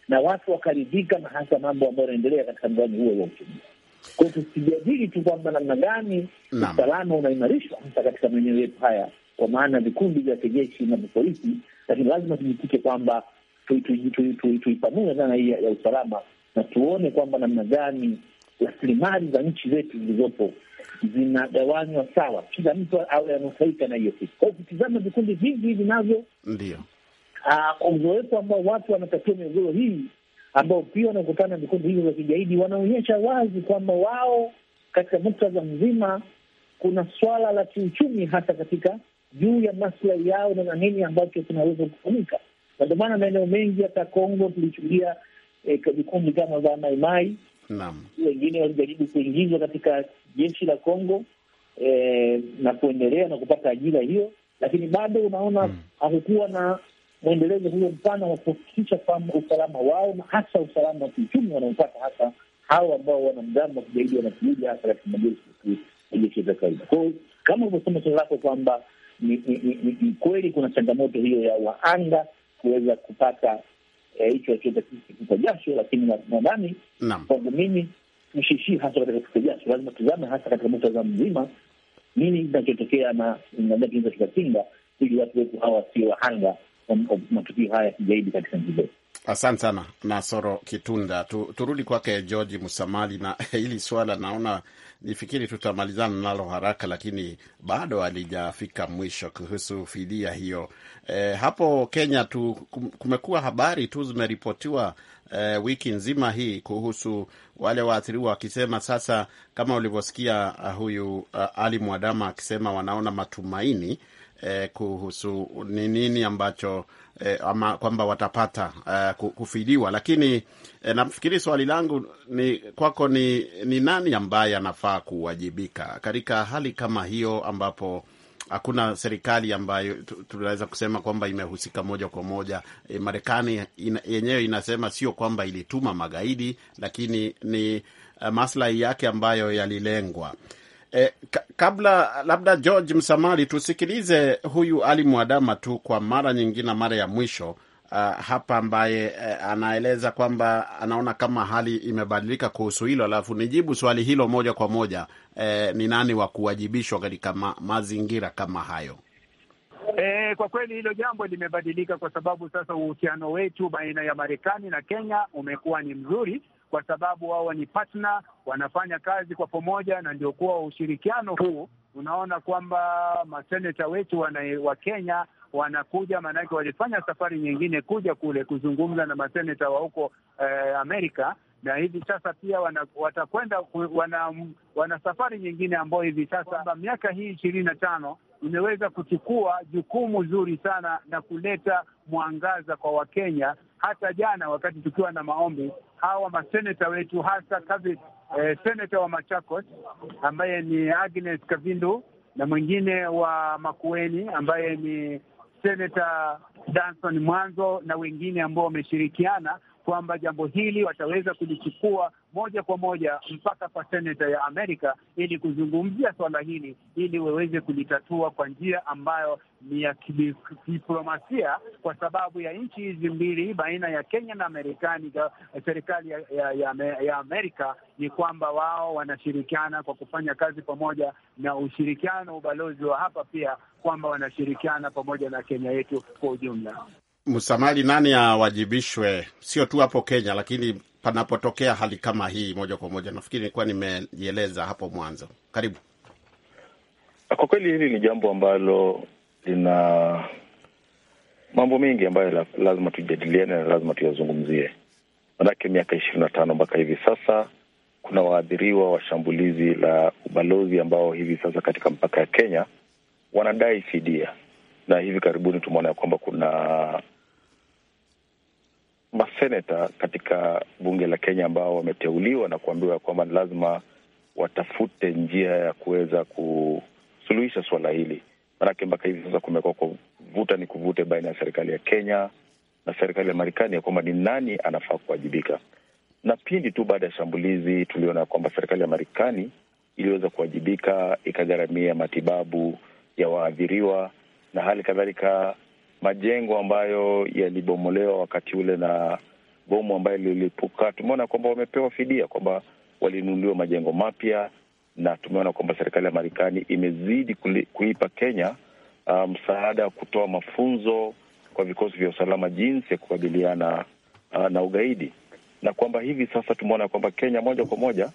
na watu wakaridhika na hasa mambo ambayo yanaendelea katika mgawanyi huo wa uchumi. Kwao tusijadili tu kwamba namna gani usalama unaimarishwa hasa katika maeneo yetu haya, kwa maana vikundi vya kijeshi na polisi, lakini lazima tujitike kwamba tuipanue dhana hii ya usalama na tuone kwamba namna gani rasilimali za nchi zetu zilizopo zinagawanywa sawa, kila mtu awe anufaika na hiyo kitu. Kwao ukitizama vikundi hivi navyo ndio ah, kwa uzoefu ambao watu wanatatua migogoro hii ambao pia wanakutana na vikundi hivyo vya kigaidi, wanaonyesha wazi kwamba wao katika muktadha mzima kuna swala la kiuchumi hasa katika juu ya maslahi yao na nini ambacho kinaweza kufanyika, na ndio maana maeneo mengi hata Kongo tulichukulia eh, vikundi kama za Maimai, wengine walijaribu kuingizwa katika jeshi la Kongo eh, na kuendelea na kupata ajira hiyo, lakini bado unaona hmm. hakukuwa na mwendelezo huo mpana wa kuhakikisha kwamba usalama wao na hasa usalama wa kiuchumi wanaopata hasa hao ambao wana mgambo wa kigaidi wanakuja hasa katika majeshi za kawaida. Kwa hiyo kama ulivyosema swali lako kwamba ni kweli kuna changamoto hiyo ya waanga kuweza kupata eh, hicho chochote jasho, lakini nadhani kwangu mimi tushishii hasa katika kufuta jasho, lazima tuzame hasa katika mtazamo mzima, nini kinachotokea na namna tunaweza tukapinga ili watu wetu hawa sio wahanga matukio haya kigaidi katika nchi zetu. Asante sana Nasoro Kitunda. Tu, turudi kwake George Musamali na hili swala naona nifikiri tutamalizana nalo haraka, lakini bado halijafika mwisho kuhusu fidia hiyo. E, hapo Kenya tu kumekuwa habari tu zimeripotiwa e, wiki nzima hii kuhusu wale waathiriwa wakisema sasa, kama ulivyosikia ah, huyu ah, Ali Mwadama akisema wanaona matumaini eh, kuhusu ni nini ambacho eh, ama kwamba watapata eh, kufidiwa, lakini eh, nafikiri swali langu ni kwako ni, ni nani ambaye anafaa kuwajibika katika hali kama hiyo ambapo hakuna serikali ambayo tunaweza kusema kwamba imehusika moja kwa moja. E, Marekani ina, yenyewe inasema sio kwamba ilituma magaidi, lakini ni uh, maslahi yake ambayo yalilengwa. Eh, kabla labda George Msamali, tusikilize huyu Ali Mwadama tu kwa mara nyingine, mara ya mwisho uh, hapa, ambaye uh, anaeleza kwamba anaona kama hali imebadilika kuhusu hilo, alafu nijibu swali hilo moja kwa moja. uh, ni nani wa kuwajibishwa katika ma mazingira kama hayo? Eh, kwa kweli hilo jambo limebadilika kwa sababu sasa uhusiano wetu baina ya Marekani na Kenya umekuwa ni mzuri kwa sababu wao ni partner, wanafanya kazi kwa pamoja, na ndio kuwa ushirikiano huu unaona kwamba maseneta wetu wana, wa Kenya wanakuja maanake walifanya safari nyingine kuja kule kuzungumza na maseneta wa huko eh, Amerika na hivi sasa pia wana, watakwenda wana, wana safari nyingine ambayo hivi sasa kwamba miaka hii ishirini na tano imeweza kuchukua jukumu zuri sana na kuleta mwangaza kwa Wakenya hata jana wakati tukiwa na maombi, hawa maseneta wetu hasa kavi, eh, seneta wa Machakos ambaye ni Agnes Kavindu na mwingine wa Makueni ambaye ni seneta Danson Mwanzo na wengine ambao wameshirikiana kwamba jambo hili wataweza kulichukua moja kwa moja mpaka kwa seneta ya Amerika ili kuzungumzia swala hili ili waweze kulitatua kwa njia ambayo ni ya kidiplomasia, kwa sababu ya nchi hizi mbili baina ya Kenya na Marekani, serikali ya, ya, ya, ya Amerika ni kwamba wao wanashirikiana kwa kufanya kazi pamoja, na ushirikiano ubalozi wa hapa pia kwamba wanashirikiana pamoja na Kenya yetu kwa ujumla. Msamali nani awajibishwe, sio tu hapo Kenya, lakini panapotokea hali kama hii moja kwa moja. Nafikiri nilikuwa nimejieleza hapo mwanzo. Karibu. Kwa kweli hili ni jambo ambalo lina mambo mengi ambayo lazima tujadiliane na lazima tuyazungumzie, manake miaka ishirini na tano mpaka hivi sasa kuna waadhiriwa wa shambulizi la ubalozi ambao hivi sasa katika mpaka ya Kenya wanadai fidia, na hivi karibuni tumeona ya kwamba kuna maseneta katika bunge la Kenya ambao wameteuliwa na kuambiwa ya kwamba ni lazima watafute njia ya kuweza kusuluhisha suala hili, maanake mpaka hivi sasa kumekuwa kuvuta ni kuvute baina ya serikali ya Kenya na serikali ya Marekani ya kwamba ni nani anafaa kuwajibika. Na pindi tu baada ya shambulizi tuliona ya kwamba serikali ya Marekani iliweza kuwajibika, ikagharamia matibabu ya waathiriwa na hali kadhalika majengo ambayo yalibomolewa wakati ule na bomu ambayo lilipuka, tumeona kwamba wamepewa fidia, kwamba walinunuliwa majengo mapya, na tumeona kwamba serikali ya Marekani imezidi kuipa Kenya uh, msaada um, wa kutoa mafunzo kwa vikosi vya usalama jinsi ya kukabiliana uh, na ugaidi, na kwamba hivi sasa tumeona kwamba Kenya moja kwa moja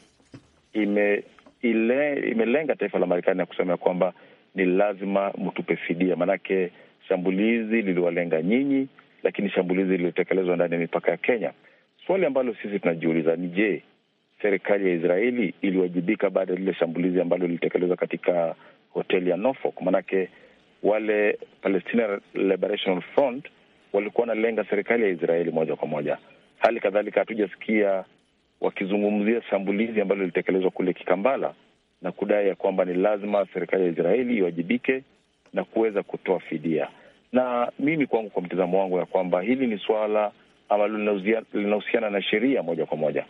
ime, ile, imelenga taifa la Marekani na kusema ya kwamba ni lazima mtupe fidia, maanake shambulizi liliwalenga nyinyi, lakini shambulizi lililotekelezwa ndani ya mipaka ya Kenya. Swali ambalo sisi tunajiuliza ni je, serikali ya Israeli iliwajibika baada ya lile shambulizi ambalo lilitekelezwa katika hoteli ya Norfolk? Maanake wale Palestinian Liberation Front walikuwa wanalenga serikali ya Israeli moja kwa moja. Hali kadhalika hatujasikia wakizungumzia shambulizi ambalo lilitekelezwa kule Kikambala na kudai ya kwamba ni lazima serikali ya Israeli iwajibike na kuweza kutoa fidia. Na mimi kwangu, kwa mtazamo wangu, ya kwamba hili ni suala ambalo linahusiana na sheria moja kwa moja,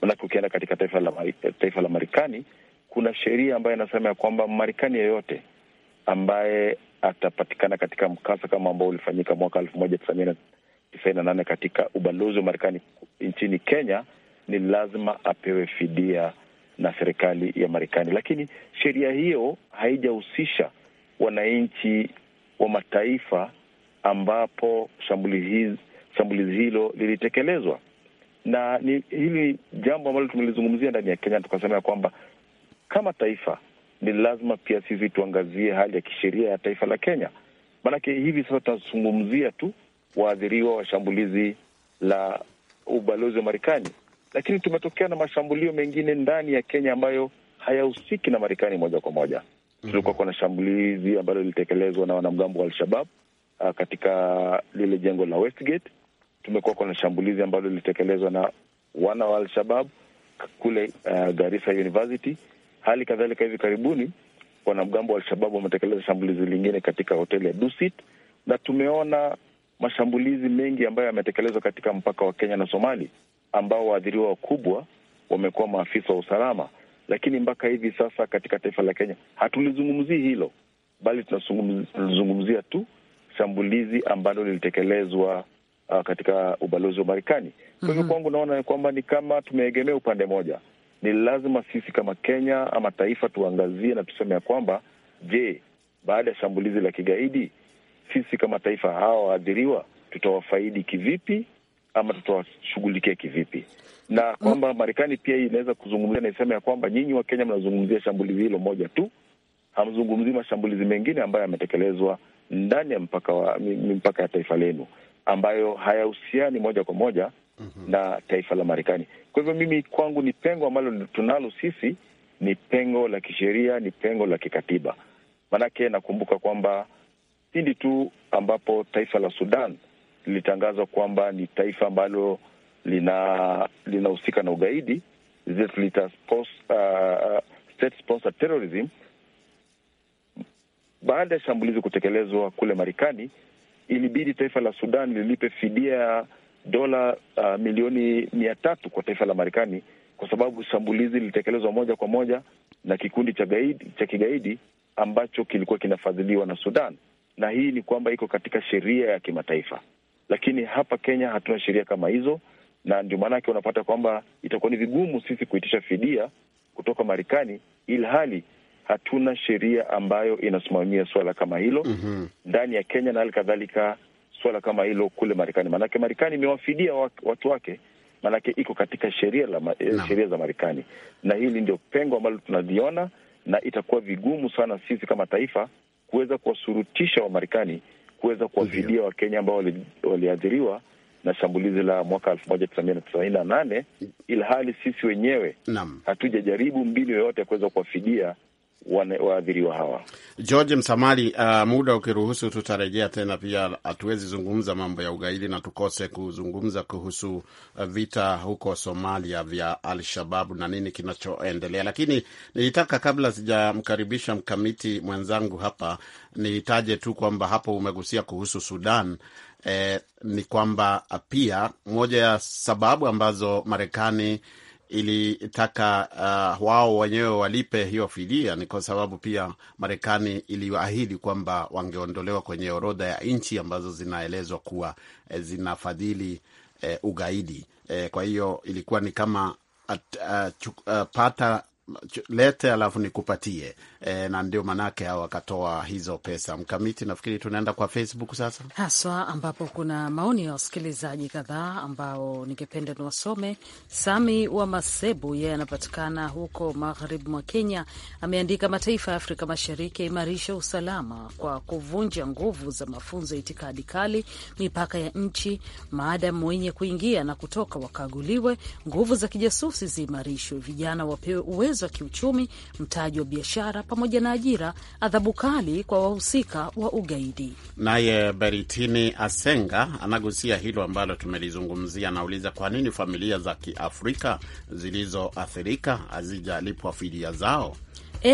manake ukienda katika taifa la, taifa la Marekani kuna sheria ambayo inasema ya kwamba Marekani yeyote ambaye atapatikana katika mkasa kama ambao ulifanyika mwaka elfu moja tisa mia tisaini na nane katika ubalozi wa Marekani nchini Kenya ni lazima apewe fidia na serikali ya Marekani, lakini sheria hiyo haijahusisha wananchi wa mataifa ambapo shambulizi hilo lilitekelezwa. Na ni hili jambo ambalo tumelizungumzia ndani ya Kenya, tukasema ya kwamba kama taifa ni lazima pia sisi tuangazie hali ya kisheria ya taifa la Kenya, maanake hivi sasa tunazungumzia tu waathiriwa wa shambulizi la ubalozi wa Marekani, lakini tumetokea na mashambulio mengine ndani ya Kenya ambayo hayahusiki na Marekani moja kwa moja. Mhm. tulikuwa kuna shambulizi ambalo lilitekelezwa na wanamgambo wa alshabab uh, katika lile jengo la Westgate. Tumekuwa kuna shambulizi ambalo lilitekelezwa na wana wa alshabab kule uh, Garissa University. Hali kadhalika hivi karibuni wanamgambo wa Al-Shabab wametekeleza shambulizi lingine katika hoteli ya Dusit, na tumeona mashambulizi mengi ambayo yametekelezwa katika mpaka wa Kenya na Somali, ambao waathiriwa wakubwa wamekuwa maafisa wa usalama lakini mpaka hivi sasa katika taifa la Kenya hatulizungumzii hilo, bali tunazungumzia tu shambulizi ambalo lilitekelezwa uh, katika ubalozi wa Marekani. Kwa hivyo mhm. kwangu naona kwamba ni kama tumeegemea upande moja. Ni lazima sisi kama Kenya ama taifa tuangazie na tuseme ya kwamba je, baada ya shambulizi la kigaidi sisi kama taifa hawa waadhiriwa tutawafaidi kivipi ama tutawashughulikia kivipi? na kwamba Marekani pia hii inaweza kuzungumzia na isema ya kwamba nyinyi wa Kenya mnazungumzia shambulizi hilo moja tu, hamzungumzii mashambulizi mengine ambayo yametekelezwa ndani ya mpaka wa mipaka ya taifa lenu ambayo hayahusiani moja kwa moja mm -hmm. na taifa la Marekani. Kwa hivyo mimi kwangu ni pengo ambalo tunalo sisi, ni pengo la kisheria, ni pengo la kikatiba. Maanake nakumbuka kwamba pindi tu ambapo taifa la Sudan lilitangazwa kwamba ni taifa ambalo linahusika lina na ugaidi, uh, uh, state sponsored terrorism. Baada ya shambulizi kutekelezwa kule Marekani, ilibidi taifa la Sudan lilipe fidia dola uh, milioni mia tatu kwa taifa la Marekani kwa sababu shambulizi lilitekelezwa moja kwa moja na kikundi cha gaidi, cha kigaidi ambacho kilikuwa kinafadhiliwa na Sudan, na hii ni kwamba iko katika sheria ya kimataifa. Lakini hapa Kenya hatuna sheria kama hizo, na ndio maanake unapata kwamba itakuwa ni vigumu sisi kuitisha fidia kutoka Marekani ili hali hatuna sheria ambayo inasimamia swala kama hilo mhm. ndani mm -hmm. ya Kenya na hali kadhalika swala kama hilo kule Marekani, maanake Marekani imewafidia watu wake, maanake iko katika sheria la ma eh, no. sheria za Marekani, na hili ndio pengo ambalo tunaliona, na itakuwa vigumu sana sisi kama taifa kuweza kuwashurutisha Wamarekani kuweza kuwafidia Wakenya ambao waliathiriwa wali na shambulizi la mwaka elfu moja tisa mia na tisaini na nane ilhali sisi wenyewe hatujajaribu mbinu yoyote ya kuweza kuwafidia waathiriwa hawa. George Msamali, uh, muda ukiruhusu, tutarejea tena pia. Hatuwezi zungumza mambo ya ugaidi na tukose kuzungumza kuhusu uh, vita huko Somalia vya Al-Shababu na nini kinachoendelea, lakini nilitaka kabla sijamkaribisha mkamiti mwenzangu hapa, nihitaje tu kwamba hapo umegusia kuhusu Sudan eh, ni kwamba pia moja ya sababu ambazo Marekani ilitaka uh, wao wenyewe walipe hiyo fidia ni kwa sababu pia Marekani iliahidi kwamba wangeondolewa kwenye orodha ya nchi ambazo zinaelezwa kuwa eh, zinafadhili eh, ugaidi eh, kwa hiyo ilikuwa ni kama at, uh, chuk, uh, pata lete alafu nikupatie e, na ndio manake hao wakatoa hizo pesa. Mkamiti, nafikiri tunaenda kwa Facebook sasa haswa, ambapo kuna maoni ya wasikilizaji kadhaa ambao ningependa niwasome. Sami wa Masebu, yeye anapatikana huko magharibi mwa Kenya, ameandika mataifa ya Afrika Mashariki yaimarisha usalama kwa kuvunja nguvu za mafunzo ya itikadi kali, mipaka ya nchi, maadamu wenye kuingia na kutoka wakaguliwe, nguvu za kijasusi ziimarishwe, vijana wapewe uwezo za wa kiuchumi, mtaji wa biashara pamoja na ajira, adhabu kali kwa wahusika wa ugaidi. Naye Beritini Asenga anagusia hilo ambalo tumelizungumzia. Anauliza, kwa nini familia za Kiafrika zilizoathirika hazijalipwa fidia zao?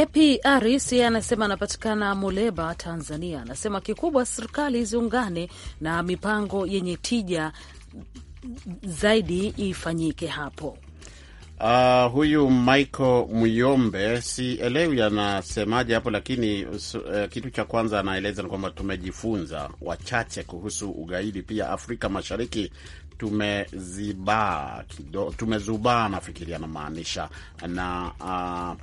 aprc anasema, anapatikana Muleba, Tanzania. Anasema kikubwa serikali ziungane na mipango yenye tija zaidi ifanyike hapo. Uh, huyu Michael Muyombe sielewi anasemaje hapo, lakini uh, kitu cha kwanza anaeleza ni kwamba tumejifunza wachache kuhusu ugaidi, pia Afrika Mashariki tumezibaa tumezubaa nafikiria anamaanisha na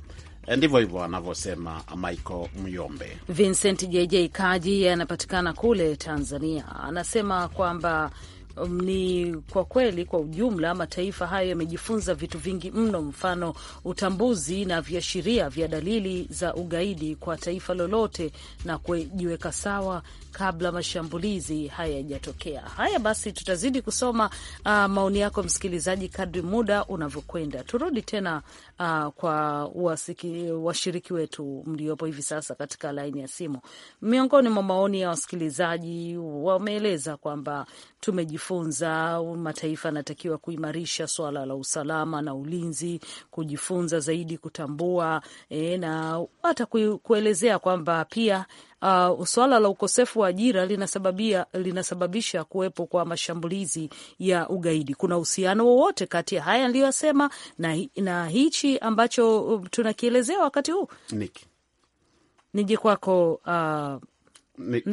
uh, ndivyo hivyo anavyosema Michael Myombe. Vincent JJ Kaji anapatikana kule Tanzania, anasema kwamba ni kwa kweli, kwa ujumla mataifa hayo yamejifunza vitu vingi mno, mfano utambuzi na viashiria vya dalili za ugaidi kwa taifa lolote na kujiweka sawa kabla mashambulizi hayajatokea. Haya basi, tutazidi kusoma uh, maoni yako msikilizaji kadri muda unavyokwenda. Turudi tena uh, kwa wasiki, washiriki wetu mliopo hivi sasa katika laini ya simu. Miongoni mwa maoni ya wasikilizaji wameeleza kwamba tumejifunza, mataifa yanatakiwa kuimarisha swala la usalama na ulinzi, kujifunza zaidi, kutambua e, na hata kuelezea kwamba pia uh, swala la ukosefu wa ajira linasababia, linasababisha kuwepo kwa mashambulizi ya ugaidi. Kuna uhusiano wowote kati ya haya niliyoyasema na, na hichi ambacho uh, tunakielezea wakati huu? Nije kwako uh,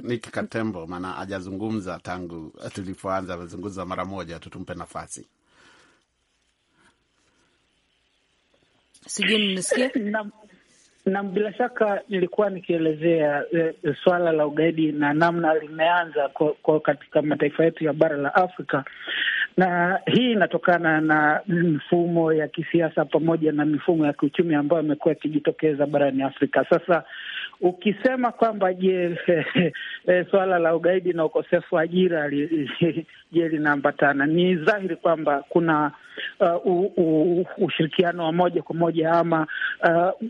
Niki Katembo, maana hajazungumza tangu tulipoanza, amezungumza mara moja tu, tumpe nafasi. Sijui nimesikia na bila shaka nilikuwa nikielezea e, e, swala la ugaidi na namna limeanza kwa, kwa katika mataifa yetu ya bara la Afrika, na hii inatokana na mifumo ya kisiasa pamoja na mifumo ya kiuchumi ambayo imekuwa ikijitokeza barani Afrika. Sasa ukisema kwamba je, e, swala la ugaidi na ukosefu wa ajira je, linaambatana, ni dhahiri kwamba kuna uh, u, u, ushirikiano wa moja kwa moja ama uh,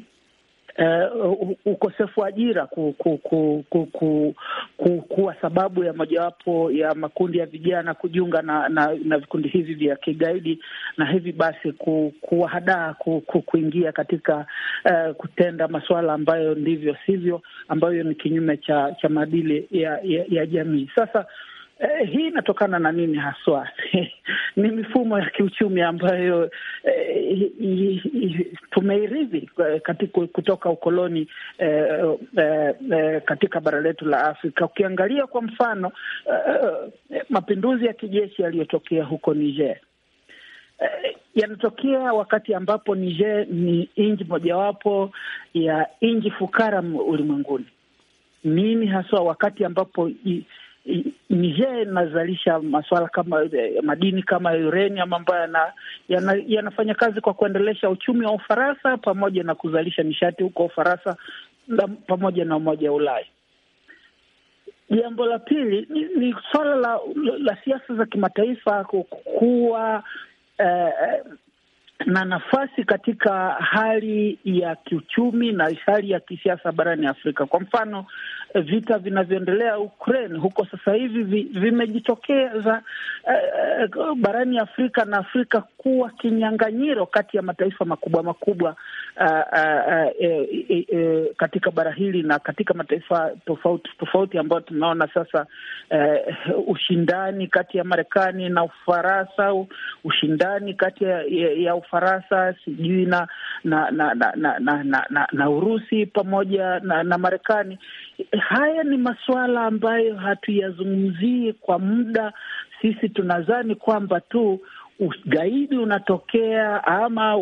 uh, ukosefu wa ajira ku, ku, ku, ku, ku, ku, kuwa sababu ya mojawapo ya makundi ya vijana kujiunga na, na, na vikundi hivi vya kigaidi na hivi basi ku, kuwahadaa ku, ku, kuingia katika uh, kutenda masuala ambayo ndivyo sivyo ambayo ni kinyume cha, cha maadili ya, ya, ya jamii sasa Eh, hii inatokana na nini haswa? Ni mifumo ya kiuchumi ambayo eh, tumeirithi kutoka ukoloni eh, eh, eh, katika bara letu la Afrika. Ukiangalia kwa mfano eh, eh, mapinduzi ya kijeshi yaliyotokea huko Niger eh, yanatokea wakati ambapo Niger ni nchi mojawapo ya nchi fukara ulimwenguni. Nini haswa wakati ambapo i, Niger inazalisha masuala kama eh, madini kama uranium ambayo yana, yana, yanafanya kazi kwa kuendelesha uchumi wa Ufaransa pamoja na kuzalisha nishati huko Ufaransa pamoja na Umoja wa Ulaya. Jambo la pili ni, ni swala la, la siasa za kimataifa kukua eh, eh na nafasi katika hali ya kiuchumi na hali ya kisiasa barani Afrika. Kwa mfano, eh, vita vinavyoendelea Ukraine huko sasa hivi vimejitokeza eh, eh, barani Afrika na Afrika kuwa kinyang'anyiro kati ya mataifa makubwa makubwa eh, eh, eh, eh, katika bara hili na katika mataifa tofauti tofauti ambayo tunaona sasa eh, ushindani kati ya Marekani na Ufaransa, ushindani kati ya, ya, ya Ufaransa, sijui na na na na, na, na, na, na, na Urusi pamoja na, na Marekani. Haya ni masuala ambayo hatuyazungumzii kwa muda. Sisi tunadhani kwamba tu ugaidi unatokea ama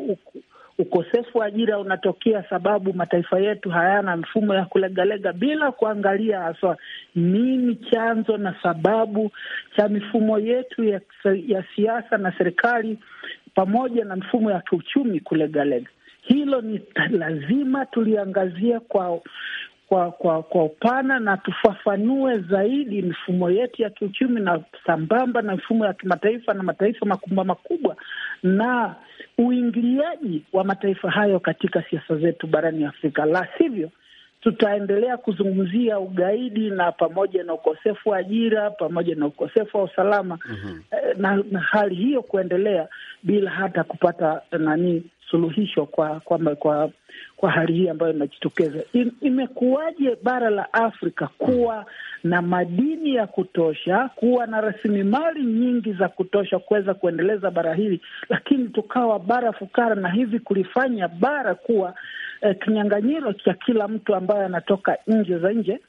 ukosefu wa ajira unatokea sababu mataifa yetu hayana mfumo ya kulegalega bila kuangalia haswa nini chanzo na sababu cha mifumo yetu ya, ya siasa na serikali pamoja na mifumo ya kiuchumi kulegalega. Hilo ni lazima tuliangazia kwa kwa kwa kwa upana na tufafanue zaidi mifumo yetu ya kiuchumi na sambamba na mifumo ya kimataifa na mataifa makubwa makubwa na uingiliaji wa mataifa hayo katika siasa zetu barani Afrika, la sivyo tutaendelea kuzungumzia ugaidi na pamoja na ukosefu wa ajira pamoja na ukosefu wa usalama mm -hmm. na, na hali hiyo kuendelea bila hata kupata eh, nani suluhisho kwa kwa, kwa, kwa hali hii ambayo inajitokeza. Imekuwaje bara la Afrika kuwa na madini ya kutosha, kuwa na rasilimali nyingi za kutosha kuweza kuendeleza bara hili, lakini tukawa bara fukara, na hivi kulifanya bara kuwa eh, kinyang'anyiro cha kila mtu ambaye anatoka nje za nje,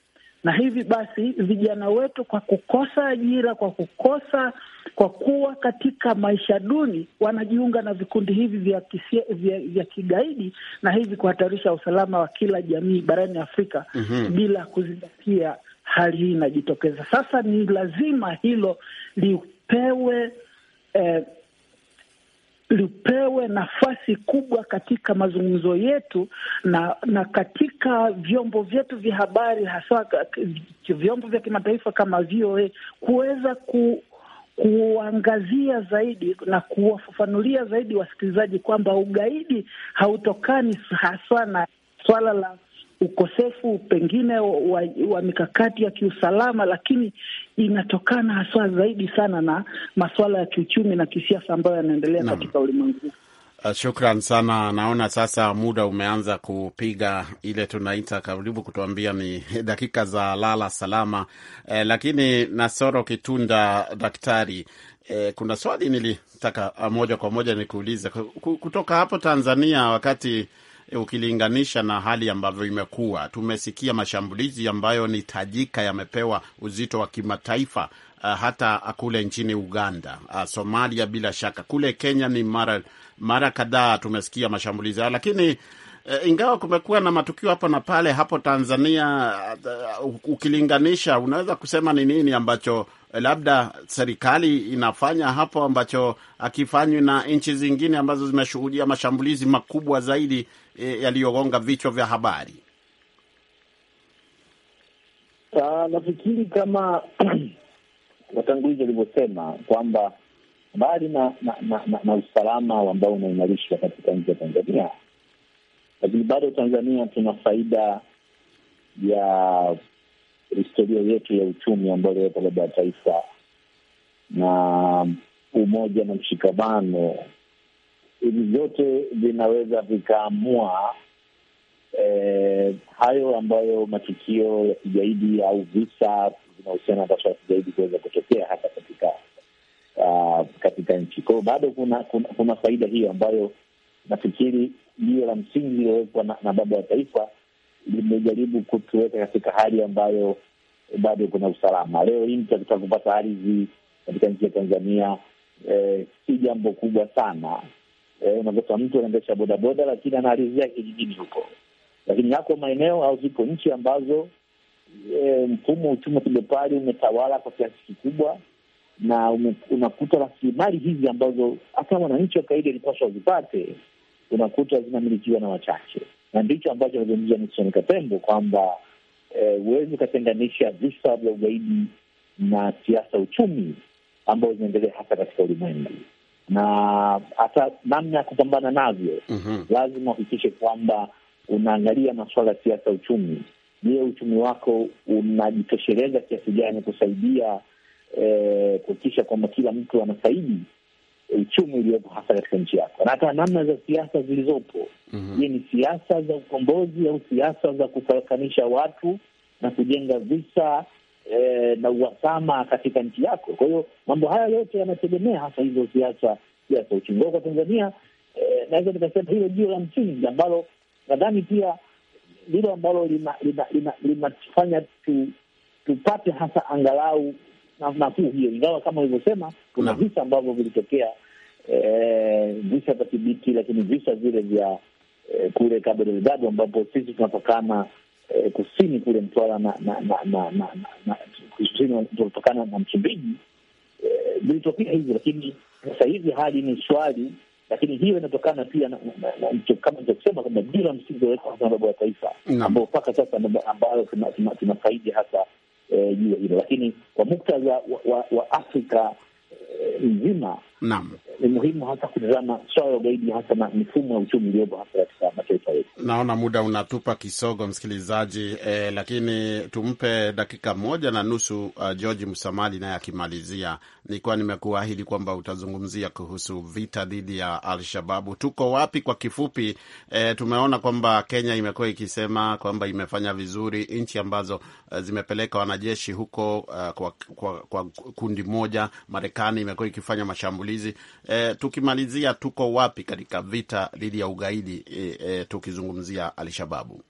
na hivi basi vijana wetu kwa kukosa ajira, kwa kukosa, kwa kuwa katika maisha duni, wanajiunga na vikundi hivi vya, kisie, vya, vya kigaidi na hivi kuhatarisha usalama wa kila jamii barani Afrika mm -hmm. bila kuzingatia hali hii inajitokeza sasa. Ni lazima hilo lipewe eh, lipewe nafasi kubwa katika mazungumzo yetu na na katika vyombo vyetu vya habari, hasa vyombo vya kimataifa kama VOA kuweza ku kuangazia zaidi na kuwafafanulia zaidi wasikilizaji kwamba ugaidi hautokani haswa na swala la ukosefu pengine wa, wa mikakati ya kiusalama, lakini inatokana haswa zaidi sana na masuala ya kiuchumi na kisiasa ambayo yanaendelea katika ulimwengu. Uh, shukran sana. Naona sasa muda umeanza kupiga ile tunaita karibu kutuambia ni dakika za lala salama eh, lakini Nasoro Kitunda, daktari eh, kuna swali nilitaka uh, moja kwa moja nikuulize kutoka hapo Tanzania wakati ukilinganisha na hali ambavyo imekuwa. Tumesikia mashambulizi ambayo ni tajika yamepewa uzito wa kimataifa, uh, hata kule nchini Uganda, uh, Somalia, bila shaka kule Kenya ni mara, mara kadhaa tumesikia mashambulizi hayo lakini E, ingawa kumekuwa na matukio hapo na pale hapo Tanzania, uh, uh ukilinganisha unaweza kusema ni nini ambacho uh, labda serikali inafanya hapo ambacho akifanywi na nchi zingine ambazo zimeshuhudia mashambulizi makubwa zaidi E, yaliyogonga vichwa vya habari? Ah, nafikiri kama watangulizi walivyosema kwamba mbali na na, na, na na usalama ambao unaimarishwa katika nchi ya Tanzania, lakini bado Tanzania tuna faida ya historia yetu ya uchumi ambayo iliyopo labda ya taifa na umoja na mshikamano hivi vyote vinaweza vikaamua eh, hayo ambayo matukio ya kigaidi au visa vinahusiana na ya kigaidi kuweza kutokea hata katika uh, katika nchi. kwao. bado kuna, kuna kuna faida hiyo ambayo nafikiri ndio la msingi iliyowekwa na, na baba wa taifa limejaribu kutuweka katika hali ambayo bado kuna usalama. Leo hii mtu akitaka kupata ardhi katika nchi ya Tanzania eh, si jambo kubwa sana Eh, unakuta mtu anaendesha bodaboda, lakini anaalizia kijijini huko, lakini yako maeneo au zipo nchi ambazo e, mfumo wa uchumi wa kibepari umetawala kwa kiasi kikubwa, na ume, unakuta rasilimali hizi ambazo hata wananchi wa kawaida ilipaswa zipate, unakuta zinamilikiwa na wachache, na ndicho ambacho anazungumzia Nixon Katembo kwamba eh, huwezi e, ukatenganisha visa vya ugaidi na siasa uchumi ambazo zinaendelea hasa katika ulimwengu na hata namna ya kupambana navyo mm -hmm. Lazima uhakikishe kwamba unaangalia masuala ya siasa uchumi. Je, uchumi wako unajitosheleza kiasi gani kusaidia eh, kuhakikisha kwamba kila mtu anafaidi uchumi uliopo hasa katika nchi yako, na hata namna za siasa zilizopo. mm -hmm. Je, ni siasa za ukombozi au siasa za kufarakanisha watu na kujenga visa eh, na uhasama katika nchi yako. Kwa hiyo mambo haya yote yanategemea hasa hizo siasa siasa uchumi kwa Tanzania. eh, naweza nikasema hilo jio la msingi ambalo nadhani pia ndilo ambalo linafanya lina, lina, lina tu, tupate hasa angalau nafuu hiyo, ingawa kama ulivyosema kuna visa ambavyo vilitokea e, visa vya Kibiti, lakini visa vile vya e, kule Cabo Delgado ambapo sisi tunapakana eh, kusini kule Mtwara na na na na na kusini na Msumbiji eh, vilitokea hivyo, lakini sasa hivi hali ni swali lakini hiyo inatokana pia kama nilivyosema kwamba dira msingi kama baba wa taifa ambao mpaka sasa ambayo tunafaidi hasa eh, juu ya hilo, lakini kwa muktadha wa Afrika eh, nzima Naam, ni muhimu hasa kutazama swala la ugaidi, hasa na mifumo ya uchumi iliyopo hasa katika mataifa yetu. Naona muda unatupa kisogo, msikilizaji eh, lakini tumpe dakika moja na nusu uh, George Msamali naye akimalizia. Nilikuwa nimekuahidi kwamba utazungumzia kuhusu vita dhidi ya Alshababu. Tuko wapi kwa kifupi? E, tumeona kwamba Kenya imekuwa ikisema kwamba imefanya vizuri, nchi ambazo uh, zimepeleka wanajeshi huko uh, kwa, kwa, kwa kundi moja. Marekani imekuwa ikifanya mashambulio mashambulizi e, eh, tukimalizia, tuko wapi katika vita dhidi ya ugaidi e, e, tukizungumzia Alshababu?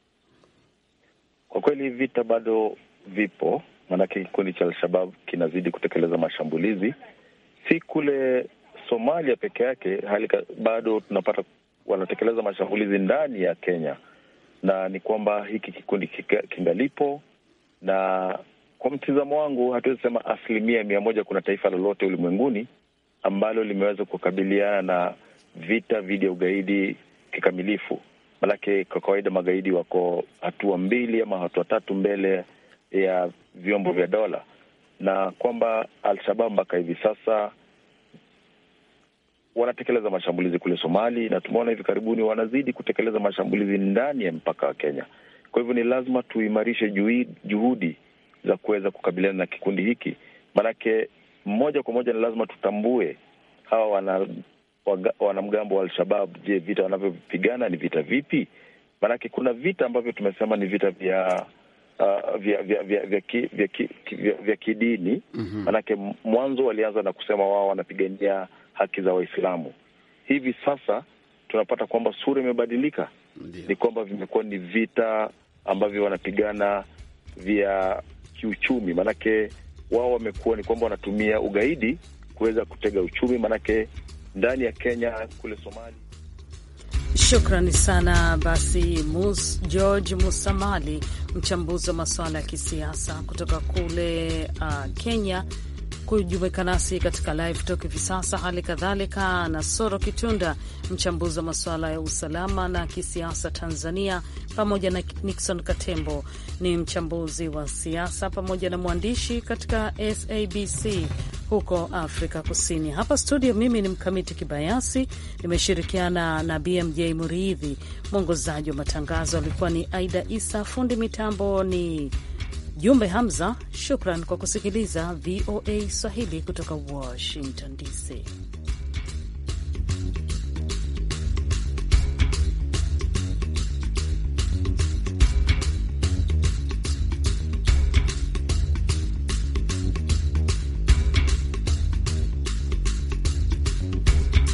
Kwa kweli vita bado vipo, maanake kikundi cha Alshabab kinazidi kutekeleza mashambulizi, si kule Somalia peke yake, hali bado tunapata wanatekeleza mashambulizi ndani ya Kenya, na ni kwamba hiki kikundi kingalipo, na kwa mtizamo wangu hatuwezi sema asilimia mia moja kuna taifa lolote ulimwenguni ambalo limeweza kukabiliana na vita dhidi ya ugaidi kikamilifu. manake kwa kawaida magaidi wako hatua mbili ama hatua tatu mbele ya vyombo vya dola, na kwamba Alshabab mpaka hivi sasa wanatekeleza mashambulizi kule Somali, na tumeona hivi karibuni wanazidi kutekeleza mashambulizi ndani ya mpaka wa Kenya. Kwa hivyo ni lazima tuimarishe juhudi za kuweza kukabiliana na kikundi hiki, manake moja kwa moja ni lazima tutambue hawa wana wanamgambo wa Al-Shabab, je, vita wanavyopigana ni vita vipi? Maanake kuna vita ambavyo tumesema ni vita vya uh, vya vya vya vya, ki, vya, ki, vya, vya kidini mm-hmm. Maanake mwanzo walianza na kusema wao wanapigania haki za Waislamu. Hivi sasa tunapata kwamba sura imebadilika, ni kwamba vimekuwa ni vita ambavyo wanapigana vya kiuchumi, maanake wao wamekuwa ni kwamba wanatumia ugaidi kuweza kutega uchumi, maanake ndani ya Kenya kule Somalia. Shukrani sana basi, Mus George Musamali, mchambuzi wa masuala ya kisiasa kutoka kule uh, Kenya kujumuika nasi katika live talk hivi sasa, hali kadhalika na Soro Kitunda, mchambuzi wa masuala ya usalama na kisiasa Tanzania, pamoja na Nixon Katembo, ni mchambuzi wa siasa pamoja na mwandishi katika SABC huko Afrika Kusini. Hapa studio, mimi ni Mkamiti Kibayasi, nimeshirikiana na BMJ Muridhi. Mwongozaji wa matangazo alikuwa ni Aida Isa, fundi mitambo ni Jumbe Hamza, shukran kwa kusikiliza VOA Swahili kutoka Washington DC.